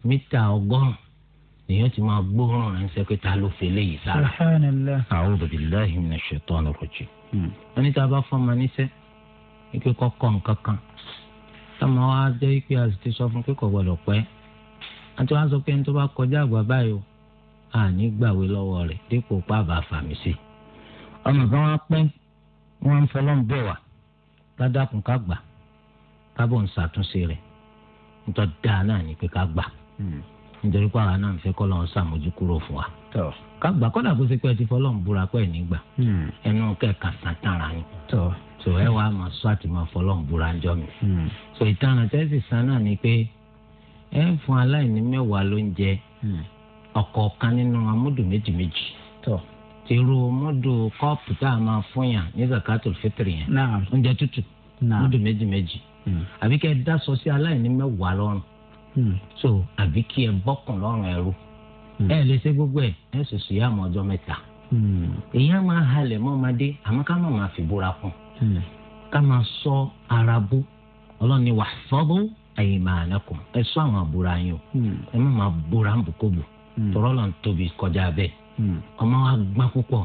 mítà ọgọ́rùn èèyàn ti máa gbóòórùn ránṣẹ́ pé ta ló fẹ́ léyìí sára. a'udhu billahi minash shaitanir rajim. wọ́n hmm. ní tá a bá fọ́n ma níṣẹ́ wípé kọ́kọ́ nǹkan kan táwọn wá jẹ́ wípé a sì ti sọ fún kíkọ̀ gbọ́dọ̀ pẹ́ àti wọ́n á sọ pé ẹni tó bá kọjá àgbà báyìí o àní gbàwé lọ́wọ́ rẹ̀ dípò pàbà fàmì ọmọ kan wá pẹ́ wọ́n ń fọlọ́n bẹ̀ wá ládàkùn ká gbà kábọ̀ ń ṣàtúnṣe rẹ̀ nítorí dáa náà ní pé ká gbà hmm. nítorí pé àwa náà ń fẹ́ kọ́ lọ́n ṣàmójú kúrò fún wa ká gbà ti fọlọ́n búra pẹ́ nígbà hmm. ẹnu kẹ̀kà sátara ni ẹ wàá máa sọ àti máa fọlọ́n búra jọ mi hmm. ìtàn náà ni pé ẹ ń fún aláìní mẹ́wàá lóúnjẹ nínú irú mọ́dù kọ́ọ̀pù tá a máa fún yàn ní zakatul fitiri yẹn oúnjẹ tútù mọ́dù méjì méjì hmm. àbí kẹ́ ẹ dáṣọ sí aláìní mẹ́wàá lọ́rùn hmm. so àbí kí ẹ bọ́kùn lọ́rùn ẹrú hmm. ẹ lè ṣe gbogbo ẹ ẹ sì sùn yá àmọ́ ọjọ́ mẹ́ta èyí á máa halẹ̀ mọ́ ọmọdé àmọ́ ká má máa fi búra kún ká máa sọ ara bú ọlọ́run ni sọ́bù ẹ̀yìn máa lẹ́kùn ẹ sọ àwọn àbúrò ayọ̀ ẹ má máa búra bùkúbù tọ́rọ́ lọ́n tóbi kọjá bẹ́ẹ̀. Hmm. ọmọ wa gbọ́n púpọ̀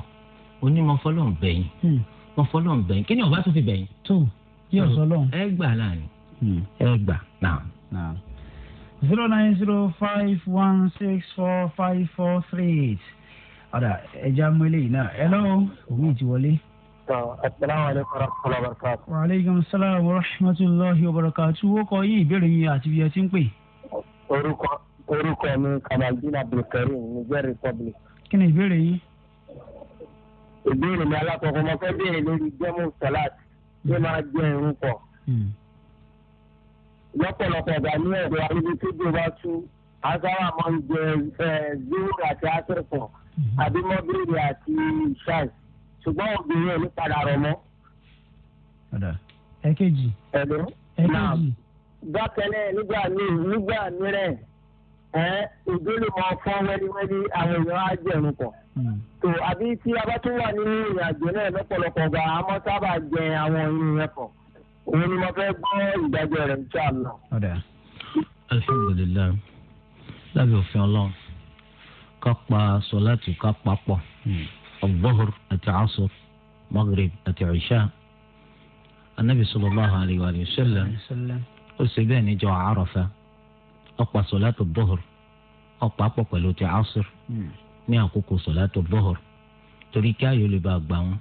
onímọ̀ fọlọ́n bẹ̀yìn mọ̀ hmm. fọlọ́n bẹ̀yìn kí ni ọba tún fi bẹ̀yìn. tó yí ọ̀sọ́ lọ́hùn. ẹ gbà láàrin hmm. ẹ gbà náà. zero nine zero five one six four five four three eight ọ̀dà ẹja mú eléyìí náà ẹ lọ́wọ́ òun ìtì wọlé. asalaamualeykum warahmatulahi wabarakatuh. wa aleykum salaam wa rahmatulahi wa barakatuh wo kọ yí ìbéèrè yín àti ibi ẹ ti ń pè. orúkọ orúkọ mi kamaldina abdulkareem Niger Republic kí ni ìbéèrè yín. ìbéèrè mi alákọ̀ọ́kọ́ mo fẹ́ béèrè lórí jẹ́mú sọ́láàtì tó máa jẹ́ irun pọ̀. Hmm. lọ́pọ̀lọpọ̀ ọ̀gá ní ẹ̀rọ ibi tó jẹ́ bá tú asáwà máa ń jẹ zero àti asẹ́pọ̀ hmm. àbí mọ́bìrì àti ṣáì ṣùgbọ́n obìnrin ò ní padà rọ̀ mọ́. ẹ̀kejì. ẹ̀lú. ẹ̀kejì. bákan náà nígbà míì nígbà mìíràn ìgbélé mọ fún wẹ́díwẹ́dí àwọn èèyàn á jẹun pọ̀. tó hmm. àbí tí a bá tún wà nínú ìrìn àjò náà lọ́pọ̀lọpọ̀ gba àmọ́ sábà jẹ àwọn ìrìn yẹn pọ̀. òun ni mo fẹ́ gbọ́ ìdájọ́ rẹ̀ ní sàlọ. alhamdulilayi lábẹ́ òfin ọlọ́run ká pa sọláàtì ká papọ̀ ọgbọ́hùr hmm. àti asọ magreb àti ìṣá anabi sallallahu alayhi wa sallam ó ṣe bẹ́ẹ̀ níjọ́ àárọ̀fẹ́ ọ̀pá sọ̀látò bọ́hùr ọ̀pá pọ̀ pẹ̀lú ti asr hmm. ní àkókò sọ̀látò bọ́hùr torí kí ayò lè bá gbà wọn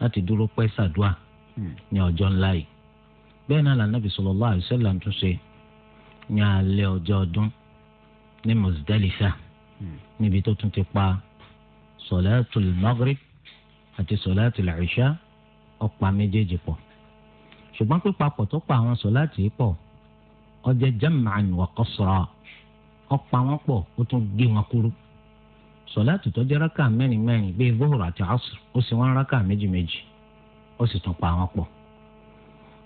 láti dúró pẹ́ sàdúà hmm. ní ọjọ́ ńlá yìí bẹ́ẹ̀ náà lànàbì sallallahu alaihi wasallam tún ṣe ní alẹ́ ọjọ́ ọdún ní Muzdalifa hmm. níbi tó tún ti pa sọ̀látò magrib àti sọ̀látò ìṣá ọ̀pá méjèèjì pọ̀ ṣùgbọ́n pípapọ̀ tó pa àwọn sọ̀látì pọ̀ ọjẹ jam'an wa qasra ọpa wọn pọ̀ ó tún gé wọn kúrú sọláàtì tó jẹ́ rákà mẹ́rin mẹ́rin bíi zuhur àti asr ó sì wọn rákà méjì méjì ó sì tún pa wọn pọ̀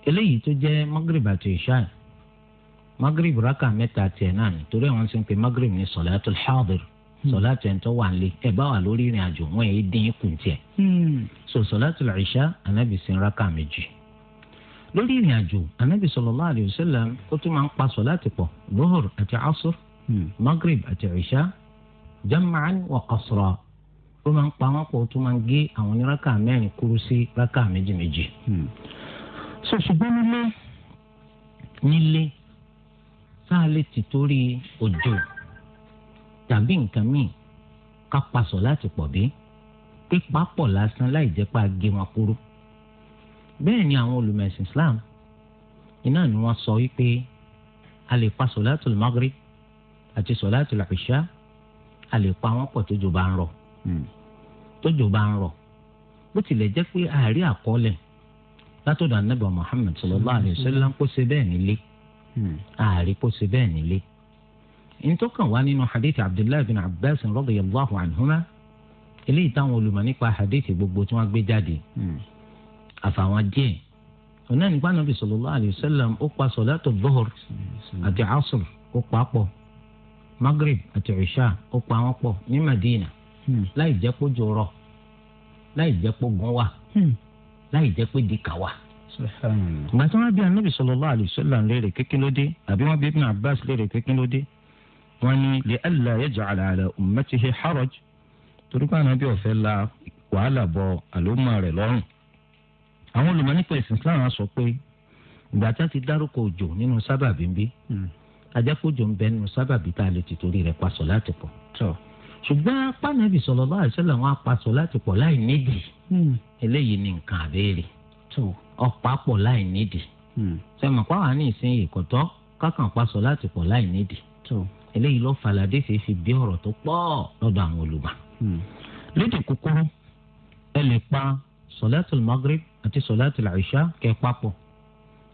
eléyìí tó jẹ́ magrib àti isha magrib rákà mẹ́ta tiẹ̀ náà ni torí àwọn sì ń pe magrib ní sọláàtul hadir hmm. sọláàtì ẹni tó wà ń lé ẹ bá wà lórí ìrìn àjò wọn èyí dín kù tiẹ̀ hmm. so sọláàtul isha anábìsí rákà méjì lórí ìrìn àjò anabi sallallahu alayhi wa sallam ó tún máa ń pa sọláàtì pọ̀ lóhùr àti asr hmm. magrib àti ìṣá jama'an wa qasra ó máa ń pa wọn pọ̀ ó tún máa ń gé àwọn oníraka mẹ́rin kúrú sí raka méjì méjì. Hmm. sọ ṣùgbọ́n nílé nílé sáà lè ti torí òjò tàbí nǹkan míì ká pa sọláàtì pọ̀ bí pípa pọ̀ lásán láì jẹ́ pa gé wọn kúrú bẹ́ẹ̀ ni àwọn olùmẹ̀sìn Islam iná ni wọ́n sọ wípé a lè pa sọ̀láàtùl Maghrib àti sọ̀láàtùl Ìṣá a lè pa wọ́n pọ̀ tójò bá ń rọ̀ hmm. tójò bá ń rọ̀ bó tilẹ̀ jẹ́ pé àárí àkọọ́lẹ̀ látọ̀dọ̀ anábì Muhammad sallallahu alayhi wa sallam kó ṣe bẹ́ẹ̀ nílé àárí hmm. kó ṣe bẹ́ẹ̀ nílé ntọ́kàn wá nínú hadith abdullahi bin abbas radiyallahu anhuma eléyìí táwọn olùmọ̀ nípa hadith gbogbo tí wọ́n gbé jáde hmm àfàwọn díẹ̀ ọ̀nà nípa nàbì sallallahu alayhi wa sallam ó pa sọ̀látò dhuhr àti asr ó pa pọ̀ maghrib àti isha ó pa wọn pọ̀ ní madina hmm. láì jẹ́ kó jò rọ̀ láì jẹ́ kó gún wa láì jẹ́ pé dìkà wa ìgbà tí wọn bí anabi sallallahu alaihi wasallam léèrè kékeré àbí wọn bí ibn abbas léèrè kékeré wọn ni li alla yaj'ala ala ummatihi haraj torí pé anabi ọ̀fẹ́ la wàhálà bọ àwọn olùmọ̀ nípa ẹ̀sìn Islam á sọ pé ìgbà tí wọ́n ti dárúkọ òjò nínú sábàbí ń bí hmm. ajákòjò ń bẹ nínú sábàbí tá a lè ti torí rẹ̀ paṣọ láti pọ̀ ṣùgbọ́n pànàbì sallallahu alaihi wasallam wọn apasọ̀ láti pọ̀ láì nídìí hmm. eléyìí ni nǹkan àbẹ́rẹ́ ọ̀pá pọ̀ láì nídìí sẹ́mi hmm. ọ̀pá wà ní ìsìn ìkọ̀tọ́ kákan pasọ̀ láti pọ̀ láì nídìí eléyìí ló falàdé ṣe bí ọ̀rọ̀ tó pọ̀ lọ́dọ̀ àwọn olùgbà. lédè kúkúrú ẹ lè pa sọ̀lẹ́tùl magrib àti sọláàtì làìṣá kẹ papọ̀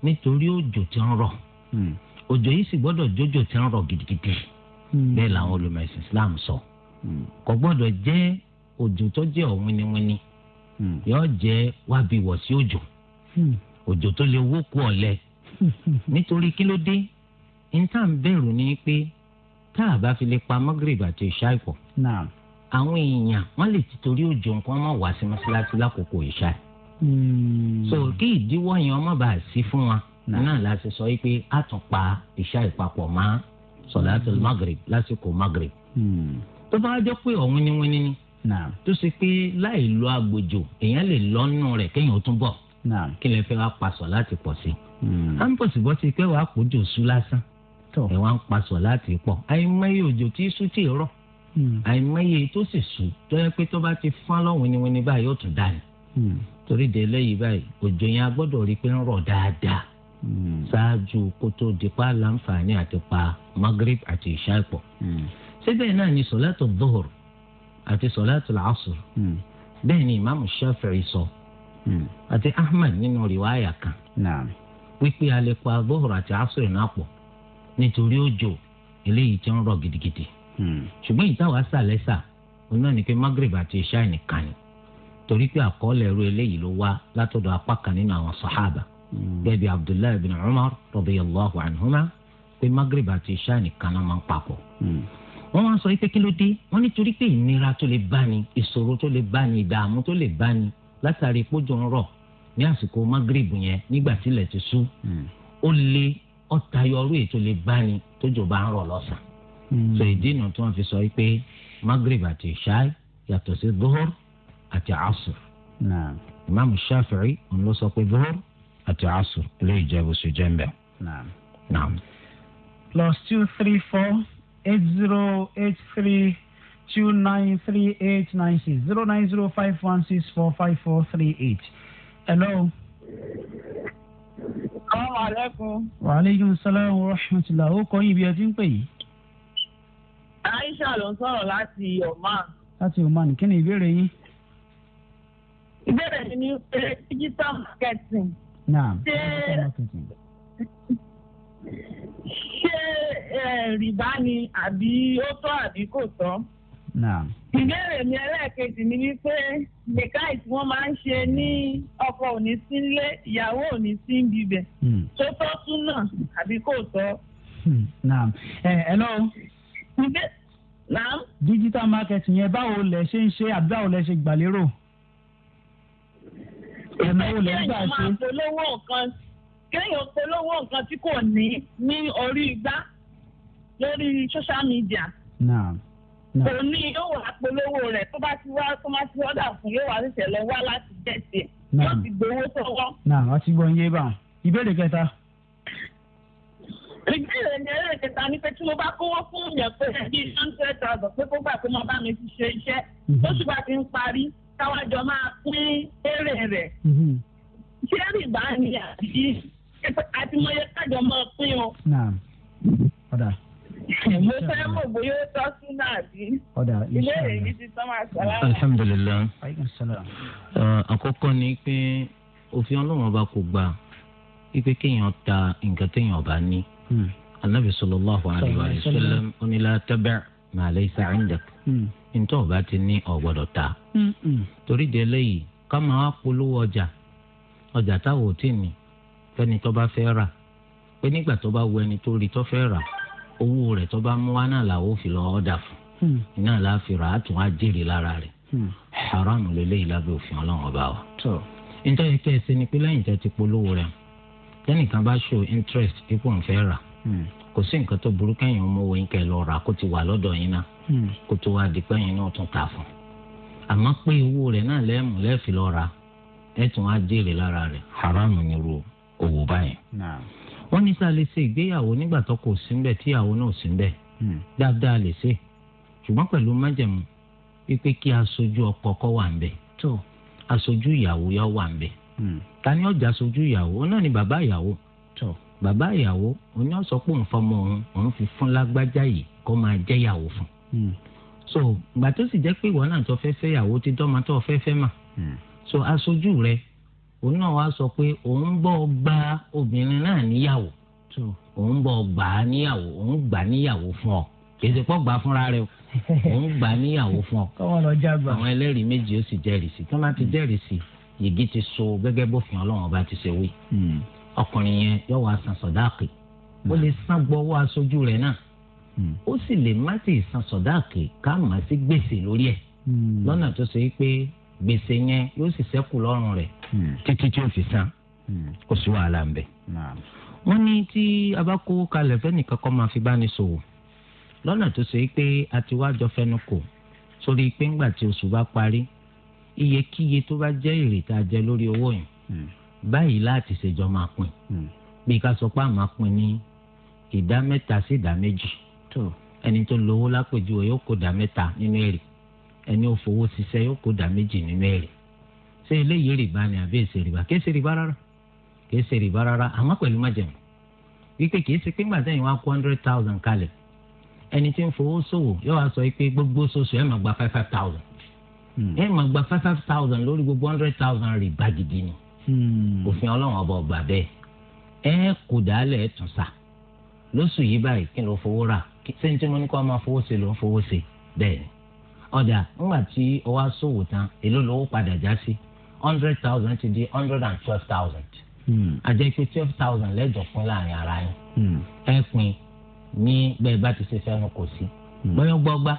nítorí òjò tí ń rọ̀ hmm. òjò yìí sì gbọ́dọ̀ jójò ti ń rọ̀ gidigidi hmm. bẹ́ẹ̀ làwọn Islam sọ hmm. kò gbọ́dọ̀ jẹ́ òjò tó jẹ́ ọ̀wínníwínní yóò jẹ́ wábiwọ̀ sí òjò òjò tó lè wó kú ọ̀lẹ nítorí kí ló dé níta ń ni pé tá a bá fi lè pa mọ́gìrìbà àti ìṣá ìpọ̀ àwọn èèyàn wọ́n lè ti torí òjò nǹkan Hmm. so kí ìdíwọ́ yẹn ọmọ bá sí fún wa náà la ṣe sọ pé a tún pa ìṣá ìpapọ̀ mọ́ sọ̀láàtì hmm. magrib lásìkò magrib hmm. tó bá jọ pé ọ̀hún ni wíní ni tó ṣe pé láì lo agbòjò èèyàn lè lọ́nù rẹ̀ kéèyàn ó tún bọ̀ kí lè fẹ́ wá pa sọ̀láàtì pọ̀ sí i à ń bọ̀ sí bọ́ sí pé wàá kójò sú lásán ẹ wá ń pa sọ̀láàtì pọ̀ àìmọye òjò tí sú ti rọ̀ àìmọye tó sì sú tó yẹ pé tó bá ti fọ́n lọ́wọ́ wíníwíní báyìí ó tún dá ni torí de eléyìí báyìí òjò yẹn a gbọ́dọ̀ rí i pé ń rọ̀ dáadáa hmm. ṣáájú kó tó di pa láǹfààní àti pa magrib àti síbẹ̀ hmm. náà ni àti làásù hmm. bẹ́ẹ̀ ni Shafi'i sọ àti Ahmad nínú rìwáyà kan wípé a lè pa dhuhr àti náà pọ̀ nítorí òjò eléyìí ń gidigidi ṣùgbọ́n ìtawà sàlẹ̀ sà náà ni pé àti torí pé àkọọ́lẹ̀ ẹ̀rọ eléyìí ló wá látọ̀dọ̀ apá kan nínú àwọn sàhábà bẹ́ẹ̀ mm. bí abdullahi bin umar radiyallahu anhuma pé magreba àti isha nìkan náà máa ń papọ̀. Mm. wọ́n wá sọ pé kí ló dé wọ́n nítorí pé ìnira tó lè bá ni ìṣòro tó lè bá ni ìdààmú tó lè bá ni látàrí pójò ń rọ̀ ní àsìkò magreba yẹn nígbà tílẹ̀ ti sú mm. ó lé ọ̀tayọrú ètò lè bá ni tójò bá ń rọ̀ lọ́sàn-án. sọ ìdí ìnà tí wọ́n fi sọ pé magreba àti isha yàtọ̀ sí dhuhr àti asr imaamu shafi'i òun ló sọ pé zuhur àti asr ló ìjẹ́ bó ṣe jẹ́ ń bẹ̀. plus two three four eight zero eight three two nine three eight nine six zero nine zero five one six four five four three eight. hello. salaamaleykum. waaleykum salaam wa rahmatulah o kọ́ yín bí ẹ ti ń pè yìí. aisha ló ń sọ̀rọ̀ láti oman. láti oman kí ni ìbéèrè yín ìbéèrè mi ni pé digital marketing. ṣé ṣé rìbá ni àbí ó tọ́ àbí kò tọ́. ìbéèrè mi ẹlẹ́ẹ̀kejì ni wípé nìkáì tí wọ́n máa ń ṣe ní ọkọ òní sílé ìyàwó òní sí ń bibẹ̀ tó tọ́ tún náà àbí kò tọ́. Hmm, digital marketing yẹn báwo lẹ ṣe ń ṣe àbí báwo lẹ ṣe gbà ọ̀nà olè ń gbà ṣe. kéèyàn polówó nǹkan tí kò ní ní orí igbá lórí social media. Nah òun ní yóò wá polówó rẹ̀ tó bá ti wá tó bá ti ọdà fún yóò wá ṣẹ̀ṣẹ̀ lọ wá láti jẹsẹ yóò ti gbowó sọ́wọ́. náà wá sí gbọ́n yé bá wọn ìbéèrè kẹta. ìbéèrè ní ẹ̀rọ kẹta ni pé tí mo bá kówó fún yẹn pé bíi hundred thousand pé kó gbà pé mo bá mi ti ṣe iṣẹ́ mhm. tó ṣùgbọ́n ti ń parí táwa jọ máa pín èrè rẹ̀ mm-hmm. ṣé rìbá ni àbí àti mọye kájọ máa pín o. mo fẹ́ mọ̀ bóyá ó tọ́ súnà àbí ìbéèrè yìí ti tán máa ṣàlàyé. alhamdulilayi àkọ́kọ́ ni pé òfin ọlọ́run ọba kò gbà ipe kéèyàn ta nǹkan téèyàn ọba ní anabi hmm. sallallahu alayhi wa sallam onílà tabi' ma laysa 'indak. Hmm nítorí ọba ti ní ọ̀gbọ́dọ̀ ta. torí de eléyìí ká máa polówó ọjà ọjà táwọn ò tí ní fẹ́ni tó bá fẹ́ rà pé nígbà tó bá wo ẹni tó rí tó fẹ́ rà owó rẹ̀ tó bá mú wá náà làwọn ò fi lọ ọ̀dà fún hmm. iná là á fi rà á tún á jèrè lára rẹ̀ hmm. haram lélẹ́yìí lábẹ́ òfin ọlọ́run ọba wa. nítorí pé ẹsẹ̀ ni pé lẹ́yìn tẹ́ ti polówó rẹ̀ tẹ́nìkan bá show interest ipò ń fẹ́ rà hmm. kò sí nǹkan tó burú kẹ́yìn ọmọ owó yín kẹ́ lọ rà kó ti wà lọ́dọ̀ yín náà hmm. kó tó wá di pẹ́yìn náà tún ta fún un àmọ́ pé owó rẹ̀ náà lẹ́mú lẹ́ẹ̀fì lọ rà ẹ̀ tún á jèrè lára rẹ̀ haramu ni ru owó báyìí. wọ́n ní sáà lè ṣe ìgbéyàwó nígbà kò sí náà sí hmm. dáadáa lè ṣe ṣùgbọ́n pẹ̀lú májẹ̀mú wípé kí aṣojú ọkọ̀ kọ́ wà tó aṣojú ìyàwó yọ wà hmm. tani ọjà aṣojú ìyàwó bàbá ìyàwó oní ọ̀sọ́pọ̀ nfọmọ òun òun fi fún lágbájá yìí kó máa jẹ́ ìyàwó fún. Hmm. so ìgbà tó sì jẹ́ pé ìwọ náà tó fẹ́ fẹ́ ìyàwó ti dọ́mọ tó fẹ́ fẹ́ mà. Hmm. so aṣojú rẹ òun náà wá sọ pé òun bọ́ gba obìnrin náà níyàwó òun bọ́ gbà á níyàwó òun gbà níyàwó fún ọ kèsì pọ́ gbà fúnra rẹ òun gbà níyàwó fún ọ. kọ́wọ́n lọ jágbá. àwọn ẹlẹ́rìí méjì ó sì jẹ́rìí sí tí wọ́n bá ti hmm. jẹ́rìí sí yìgì ti so gẹ́gẹ́ bófin ọlọ́run ọba ti ṣe wí ọkùnrin yẹn yóò wá san sọdáàkì ó lè san gbọ́wọ́ aṣojú rẹ̀ náà hmm. ó sì lè má ti san sọdáàkì ká mà sí gbèsè lórí ẹ̀ hmm. lọ́nà tó ṣe pé gbèsè yẹn yóò sì ṣẹ́kù lọ́rùn rẹ̀ hmm. títí tí ó fi san kò sí wàhálà ń bẹ. wọ́n ní tí a bá kó kalẹ̀ fẹ́nìkan kọ́ máa fi bá ní ṣòwò lọ́nà tó ṣe pé a ti wá jọ fẹnu kò sórí pé ńgbà tí oṣù bá parí iyekíye tó bá jẹ́ èrè jẹ lórí owó yìí báyìí láti ṣèjọ máa pín hmm. bí ká sọ pé àmà pín ní ìdá mẹ́ta sí ìdá méjì ẹni tó lówó lápèjúwe yóò kó ìdá mẹ́ta nínú èrè ẹni ò fowó ṣiṣẹ́ yóò kó ìdá méjì nínú èrè ṣé eléyìí rìbá ni àbí èsè rìbá kìí ṣe rìbá rárá kìí ṣe rìbá rárá àmọ́ pẹ̀lú májẹ̀mú wípé kìí ṣe pé ńgbà tẹ̀yìn wá kó hundred thousand kalẹ̀ ẹni tí ń fowó ṣòwò yóò wá sọ pé gbogbo oṣooṣù ẹ̀ máa gba five five thousand hmm. ẹ̀ máa gba five five thousand lórí gbogbo hundred thousand rìbá gidi ni. Hmm. òfin ọlọ́run ọba ọgbà bẹ́ẹ̀ ẹ kò dálẹ̀ ẹ tún sà lóṣù yìí báyìí kí ló fowó rà ṣé ní tí mo ní kó a máa fowó ṣe ló ń fowó ṣe bẹ́ẹ̀ ni ọjà ńgbà tí ó wá ṣòwò tán èló lówó padà já sí hundred thousand ti di hundred and twelve thousand àjẹ́ hmm. pé twelve thousand lẹ́jọ̀ pín láàrin ara yín hmm. ẹ pín ní bẹ́ẹ̀ bá ti ṣe fẹ́ràn kò sí bọ́yọ́ gbọ́gbá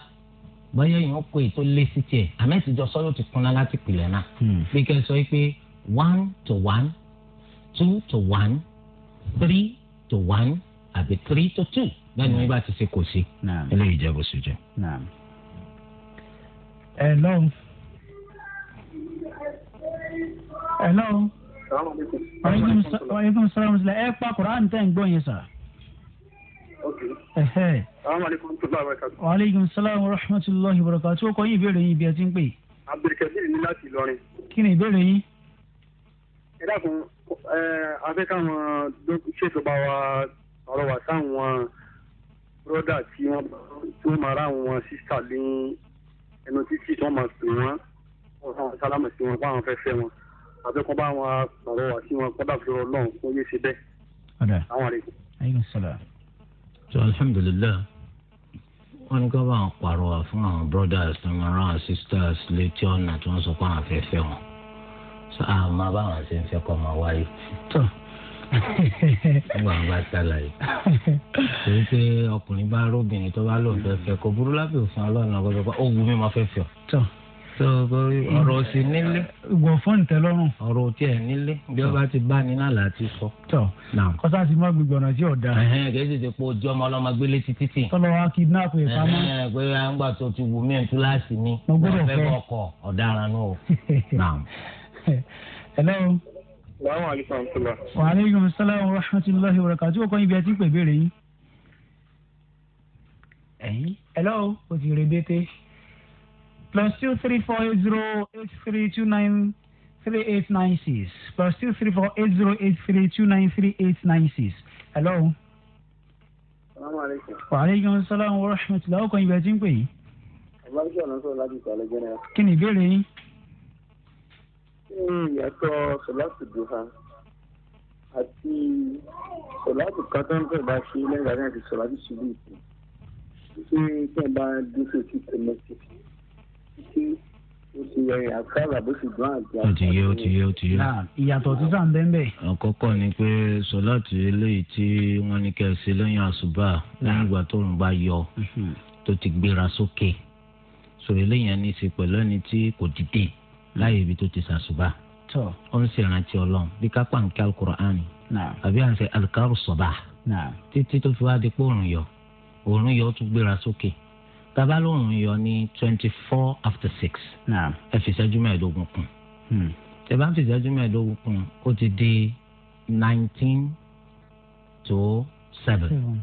bọ́yọ́ yìí ó kó ètò lé sí tiẹ̀ àmẹ́sìjọ sọ́yọ́ ti kúnná láti pìlẹ̀ náà bí kẹ́ sọ pé one to one two to one three to one àbí three to two bẹ́ẹ̀ ni wọ́n bá ti ṣe kò sí eléyìí jẹ́ bó ṣe jẹ́. hello. hello. aleykum salaam ṣe ẹ pa quran tẹ́ ń gbọ́ yẹn sà. wa aleykum salaam wa Salaam. wa barakatuh ó kọ́ yín ìbéèrè yín ibi ẹ ti ń pè. abdulkadir ni láti Ìlọrin. kí ni ìbéèrè yín ẹ dákun afẹ́ káwọn ṣètòba wa ọ̀rọ̀ wà sáwọn bírọ́dà tí wọ́n máa rá àwọn sísà ní ẹnu títí tí wọ́n máa pè wọ́n wọ́n sáwọn sálámù sí wọn fáwọn fẹ́ fẹ́ wọn àbẹ kọ́ bá wọn ọ̀rọ̀ wà sí wọn kọ́dà fúlọ́rọ̀ náà wọ́n yé ṣe bẹ́ẹ̀. àwọn àlejò. aleykum salaam. tó alhamdulilayi wọn ní ká bá wọn pàrọwà fún àwọn brothers àwọn sisters létí ọ̀nà tí wọ́n sọ pé àwọn afẹ́fẹ́ wọn so ah, àmọ́ báwọn ṣe ń fẹ́ kọ́ máa wáyé tó nígbà wọn bá ṣàlàyé torí pé ọkùnrin bá róbìnrin tó bá lò fẹ́ fẹ́ kó burú lábẹ́ òfin ọlọ́run ọgọ́dọ̀ pa ogun mi máa fẹ́ fẹ́ ọ. tó ọ̀rọ̀ sí nílé. gbọ̀n fọ́ọ̀nì tẹ lọ́rùn. ọ̀rọ̀ tí ẹ̀ nílé bí ọba ti bá ní náà láti sọ. tó kọ́sá ti má gbogbo ọ̀nà tí ò da. kì í ṣe ti pé ojú ọmọ ọlọ́mọ gbélé títí tì. tọ́lọ́ wa kidnap ẹ̀ pamọ́. pé àǹgbà tó ti wù mí ẹ̀ túláàsì mi. mo gbọ́dọ̀ fẹ́ ọkọ̀ ọ̀daràn náà. hello. Wa aleykum salaam wa rahmatulahi wa barakatuh. Tí o kọ́ ibi ẹ ti pè béèrè yín. Ẹ̀yin. Hello, o ti rè bété. Plus two three four eight zero eight three two nine three eight nine six. Plus two three four eight zero eight three two nine three eight nine six. Hello. Wa salaam wa rahmatulahi. O kọ́ ibi ẹ ti ń pè yín. Ọlọ́run sọ̀rọ̀ láti ìsàlẹ̀ jẹ́ Kí ni ìbéèrè yín? ìyàtọ̀ sọ̀láṣì duha àti sọ̀láṣì kan tó ń bẹ̀ bá ṣe lẹ́yìn àti sọ̀láṣì ṣubú ìsìn ṣé tẹ́ bá dúró sí tẹ̀mẹ́tì ṣé ó ti yẹ àkàrà bó ṣe dùn àti àkàrà. ó ti yé ó ti yé ó ti yé. ìyàtọ̀ títà ń bẹ́ẹ̀ bẹ́ẹ̀. àkọ́kọ́ ni pé sọ̀láṣì eléyìí tí wọ́n ní kẹ́ ẹ ṣe lẹ́yìn àṣùbà lẹ́yìn ìgbà tó ń bá yọ mm-hmm. tó ti gbéra sókè sọ̀rọ̀ eléyìí á ní láàyè ibi tó ti sàṣùbà ó ń ṣèrántí ọlọ́run bí kápá ń kí alukur'an àbí à ń ṣe alukaru sọ̀bà títí tó fi wá di pé òòrùn yọ òòrùn yọ ó tún gbéra sókè tábà lóòrùn yọ ní twenty four after six ẹ fi ìṣẹ́jú mẹ́ẹ̀ẹ́dógún kún hmm. tẹ bá ń fi ìṣẹ́jú mẹ́ẹ̀ẹ́dógún kún ó ti di nineteen to seven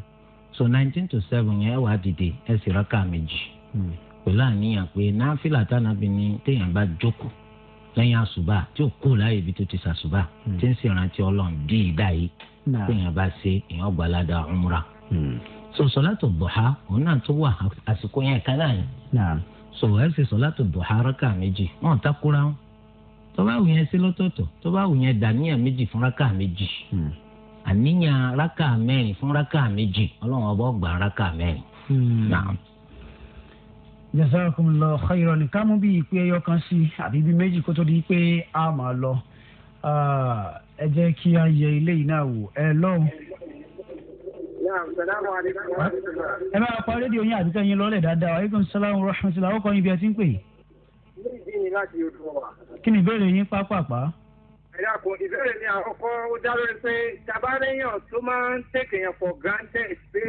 so nineteen to seven yẹn wàá dìde ẹ sì rákà méjì hmm. pẹ̀lú àníyàn pé náfìlà tánàbí ni téèyàn bá jókòó lẹ́yìn àṣùbà tí ò kú láyé ibi tó ti ṣàṣùbà hmm. tí ń ṣèrántí ọlọ́run bí ìdá yìí téèyàn bá ṣe èèyàn gbalada umra. Hmm. so sọlátù duha òun náà tó wà àsìkò yẹn kan náà ni. so ẹ ṣe sọlátù duha rákà méjì wọn takura wọn tó bá wù yẹn ṣe lọ́tọ̀ọ̀tọ̀ tó bá wù yẹn dàníyàn méjì fún rákà méjì hmm. àníyàn rákà mẹ́rin fún rákà méjì ọlọ́run ọba ọgbà rákà mẹ́rin jazakumullahu khairan ká mú bí ìpè ẹyọ kan sí àbí bí méjì kó tó di pé a máa lọ ẹ jẹ́ kí a yẹ ilé yìí náà wò ẹ lọ́hùn. ẹ máa pa rédíò yín àbíkẹ́ yín lọ́lẹ̀ dáadáa aleykum salaam wa rahmatulah ó yín bí ẹ ti ń pè. ní ni láti odò wa. kí ni ìbéèrè yín pápápá ẹ̀dá kò ìbéèrè ni àkọ́kọ́ ó dá lórí pé tabarẹ́yàn tó máa ń tẹ̀kẹ̀yàn for granted pé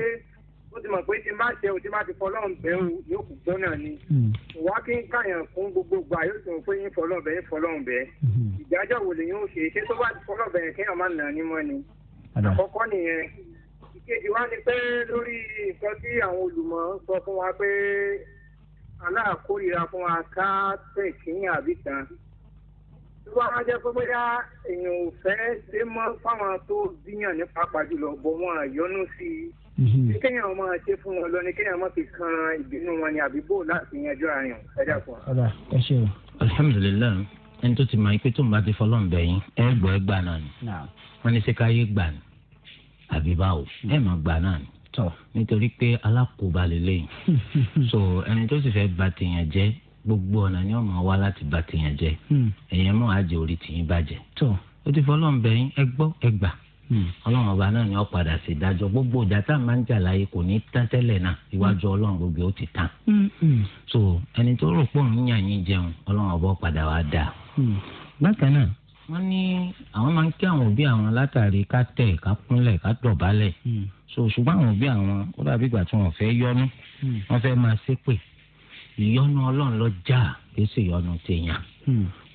ó ti mọ̀ pé tí má ṣe o tí má ti fọlọ́run bẹ́ẹ̀ o yóò kù tó náà ni hmm. wá kí n káyàn fún gbogbo gbà yóò tún pé yín fọlọ́run bẹ́ẹ̀ fọlọ́run bẹ́ẹ̀ hmm. ìdájọ́ wo lè yóò ṣe ṣé tó bá ti fọlọ́run bẹ́ẹ̀ kéèyàn má nà ní mọ́ ni àkọ́kọ́ nìyẹn ìkejì wá ni pé lórí nǹkan tí àwọn olùmọ̀ ń sọ fún wa pé aláàkórira fún wa ká tẹ̀ kíyàn àbí kan tó bá wá jẹ́ pé bóyá èèyàn ò fẹ́ dé mọ́ fáwọn tó bíyàn nípa pàjùlọ bọ́ wọn àyọ́nú sí i Mm-hmm. kéèyàn ọmọ ṣe fún wọn lọ ni kéèyàn ọmọ fi kan ìbínú wọn ni àbí bò láti yanjú àárín wọn ẹ dàpọ̀. ọ̀la ẹ ṣe o. alihamudulilayi ẹni tó ti mọ ipe tó ń bá ti fọlọ́ ń bẹ̀ yín ẹ gbọ́ ẹ gbà náà ni wọ́n ní sẹ́ka yé gbà ni àbí báwo ẹ mọ̀ gbà náà ni nítorí pé alákòóbá lélẹ́yìn so ẹni tó sì fẹ́ bà tèèyàn jẹ́ gbogbo ọ̀nà ni ọmọ wa láti bà tèèyàn jẹ́ hmm. ẹ̀yẹ́mọ̀ àjẹ́ orí tìyín bàjẹ́ ó ti fọlọ́ ń yín ẹ gbọ́ ẹ gbà. Hmm. ọlọ́run ọba náà ni ó padà sí dájọ́ gbogbo ìjà tá a máa ń jà láyé kò ní tán tẹ́lẹ̀ náà hmm. iwájú ọlọ́run gbogbo ó ti tán. Hmm. so ẹni tó rò pọ̀ ń yàn yín jẹun ọlọ́run ọba padà wá dà. bákan náà wọ́n ní àwọn máa ń kí àwọn òbí àwọn látàrí ká tẹ̀ ká kúnlẹ̀ ká dọ̀bálẹ̀ so ṣùgbọ́n àwọn òbí àwọn ó dàbí ìgbà tí wọ́n fẹ́ yọnu wọ́n fẹ́ máa ṣépè ìyọnu ọlọ́run lọ jà kí ó sì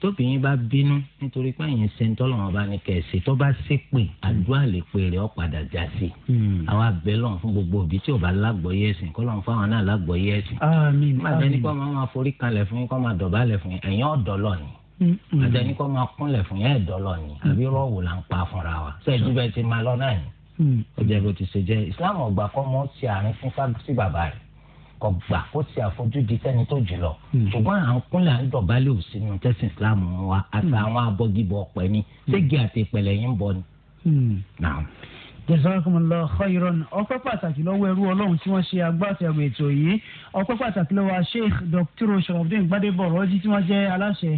tóbìnrin bá bínú nítorí pé àyìn ṣe ń tọ́lọ̀ wọn bá ní kẹ̀sì tó bá ṣépè àdúrà lè pè rẹ̀ ọ́ padà já sí i hmm. àwọn abẹ́ lọ́n fún gbogbo òbí tí ò bá lágbọ̀ọ́yé ẹ̀sìn kọ́ lọ́n fáwọn náà lágbọ̀ọ́yé ẹ̀sìn àtẹni kọ́ máa forí kalẹ̀ fún kọ́ máa dọ̀bálẹ̀ fún yín ọ̀dọ́ lọ ni àtẹni hmm, hmm. kọ́ máa kúnlẹ̀ fún ni àbí rọ́ọ̀wù là fún sí kò gbà kó ṣe àfojúdi sẹ́ni tó jùlọ hmm. ṣùgbọ́n à ń kúnlẹ̀ à ń dọ̀bálẹ̀ òsínú tẹ́sán islam wa àti hmm. àwọn abọ́gibọ̀ ọ̀pẹ ni hmm. ṣégi àti ìpẹ̀lẹ̀ yín bọ̀ ni jazakumullahu khairan ọpẹ́ pàtàkì lọ́wọ́ ẹrú Ọlọ́run tí wọ́n ṣe agbátẹrù ètò yìí ọpẹ́ pàtàkì lọ́wọ́ sheikh dr sharafdin gbadebo rọjí tí wọ́n jẹ́ aláṣẹ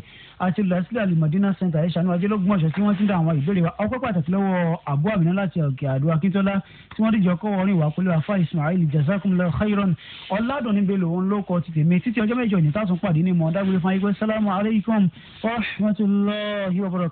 àti olùdásílẹ̀ alimadina center ẹ̀ṣà ní wájú lọ́gbọ̀n ọ̀ṣọ́ tí wọ́n ti ń da àwọn ìbéèrè wa ọpẹ́ pàtàkì lọ́wọ́ abu amina láti òkè àdó akíntola tí wọ́n dìjọ kọ́ orin ìwà pẹ̀lú afa ismail jazakumullahu khairan ọ̀làdùnní bello òun ló kọ ti tèmi títí ọjọ́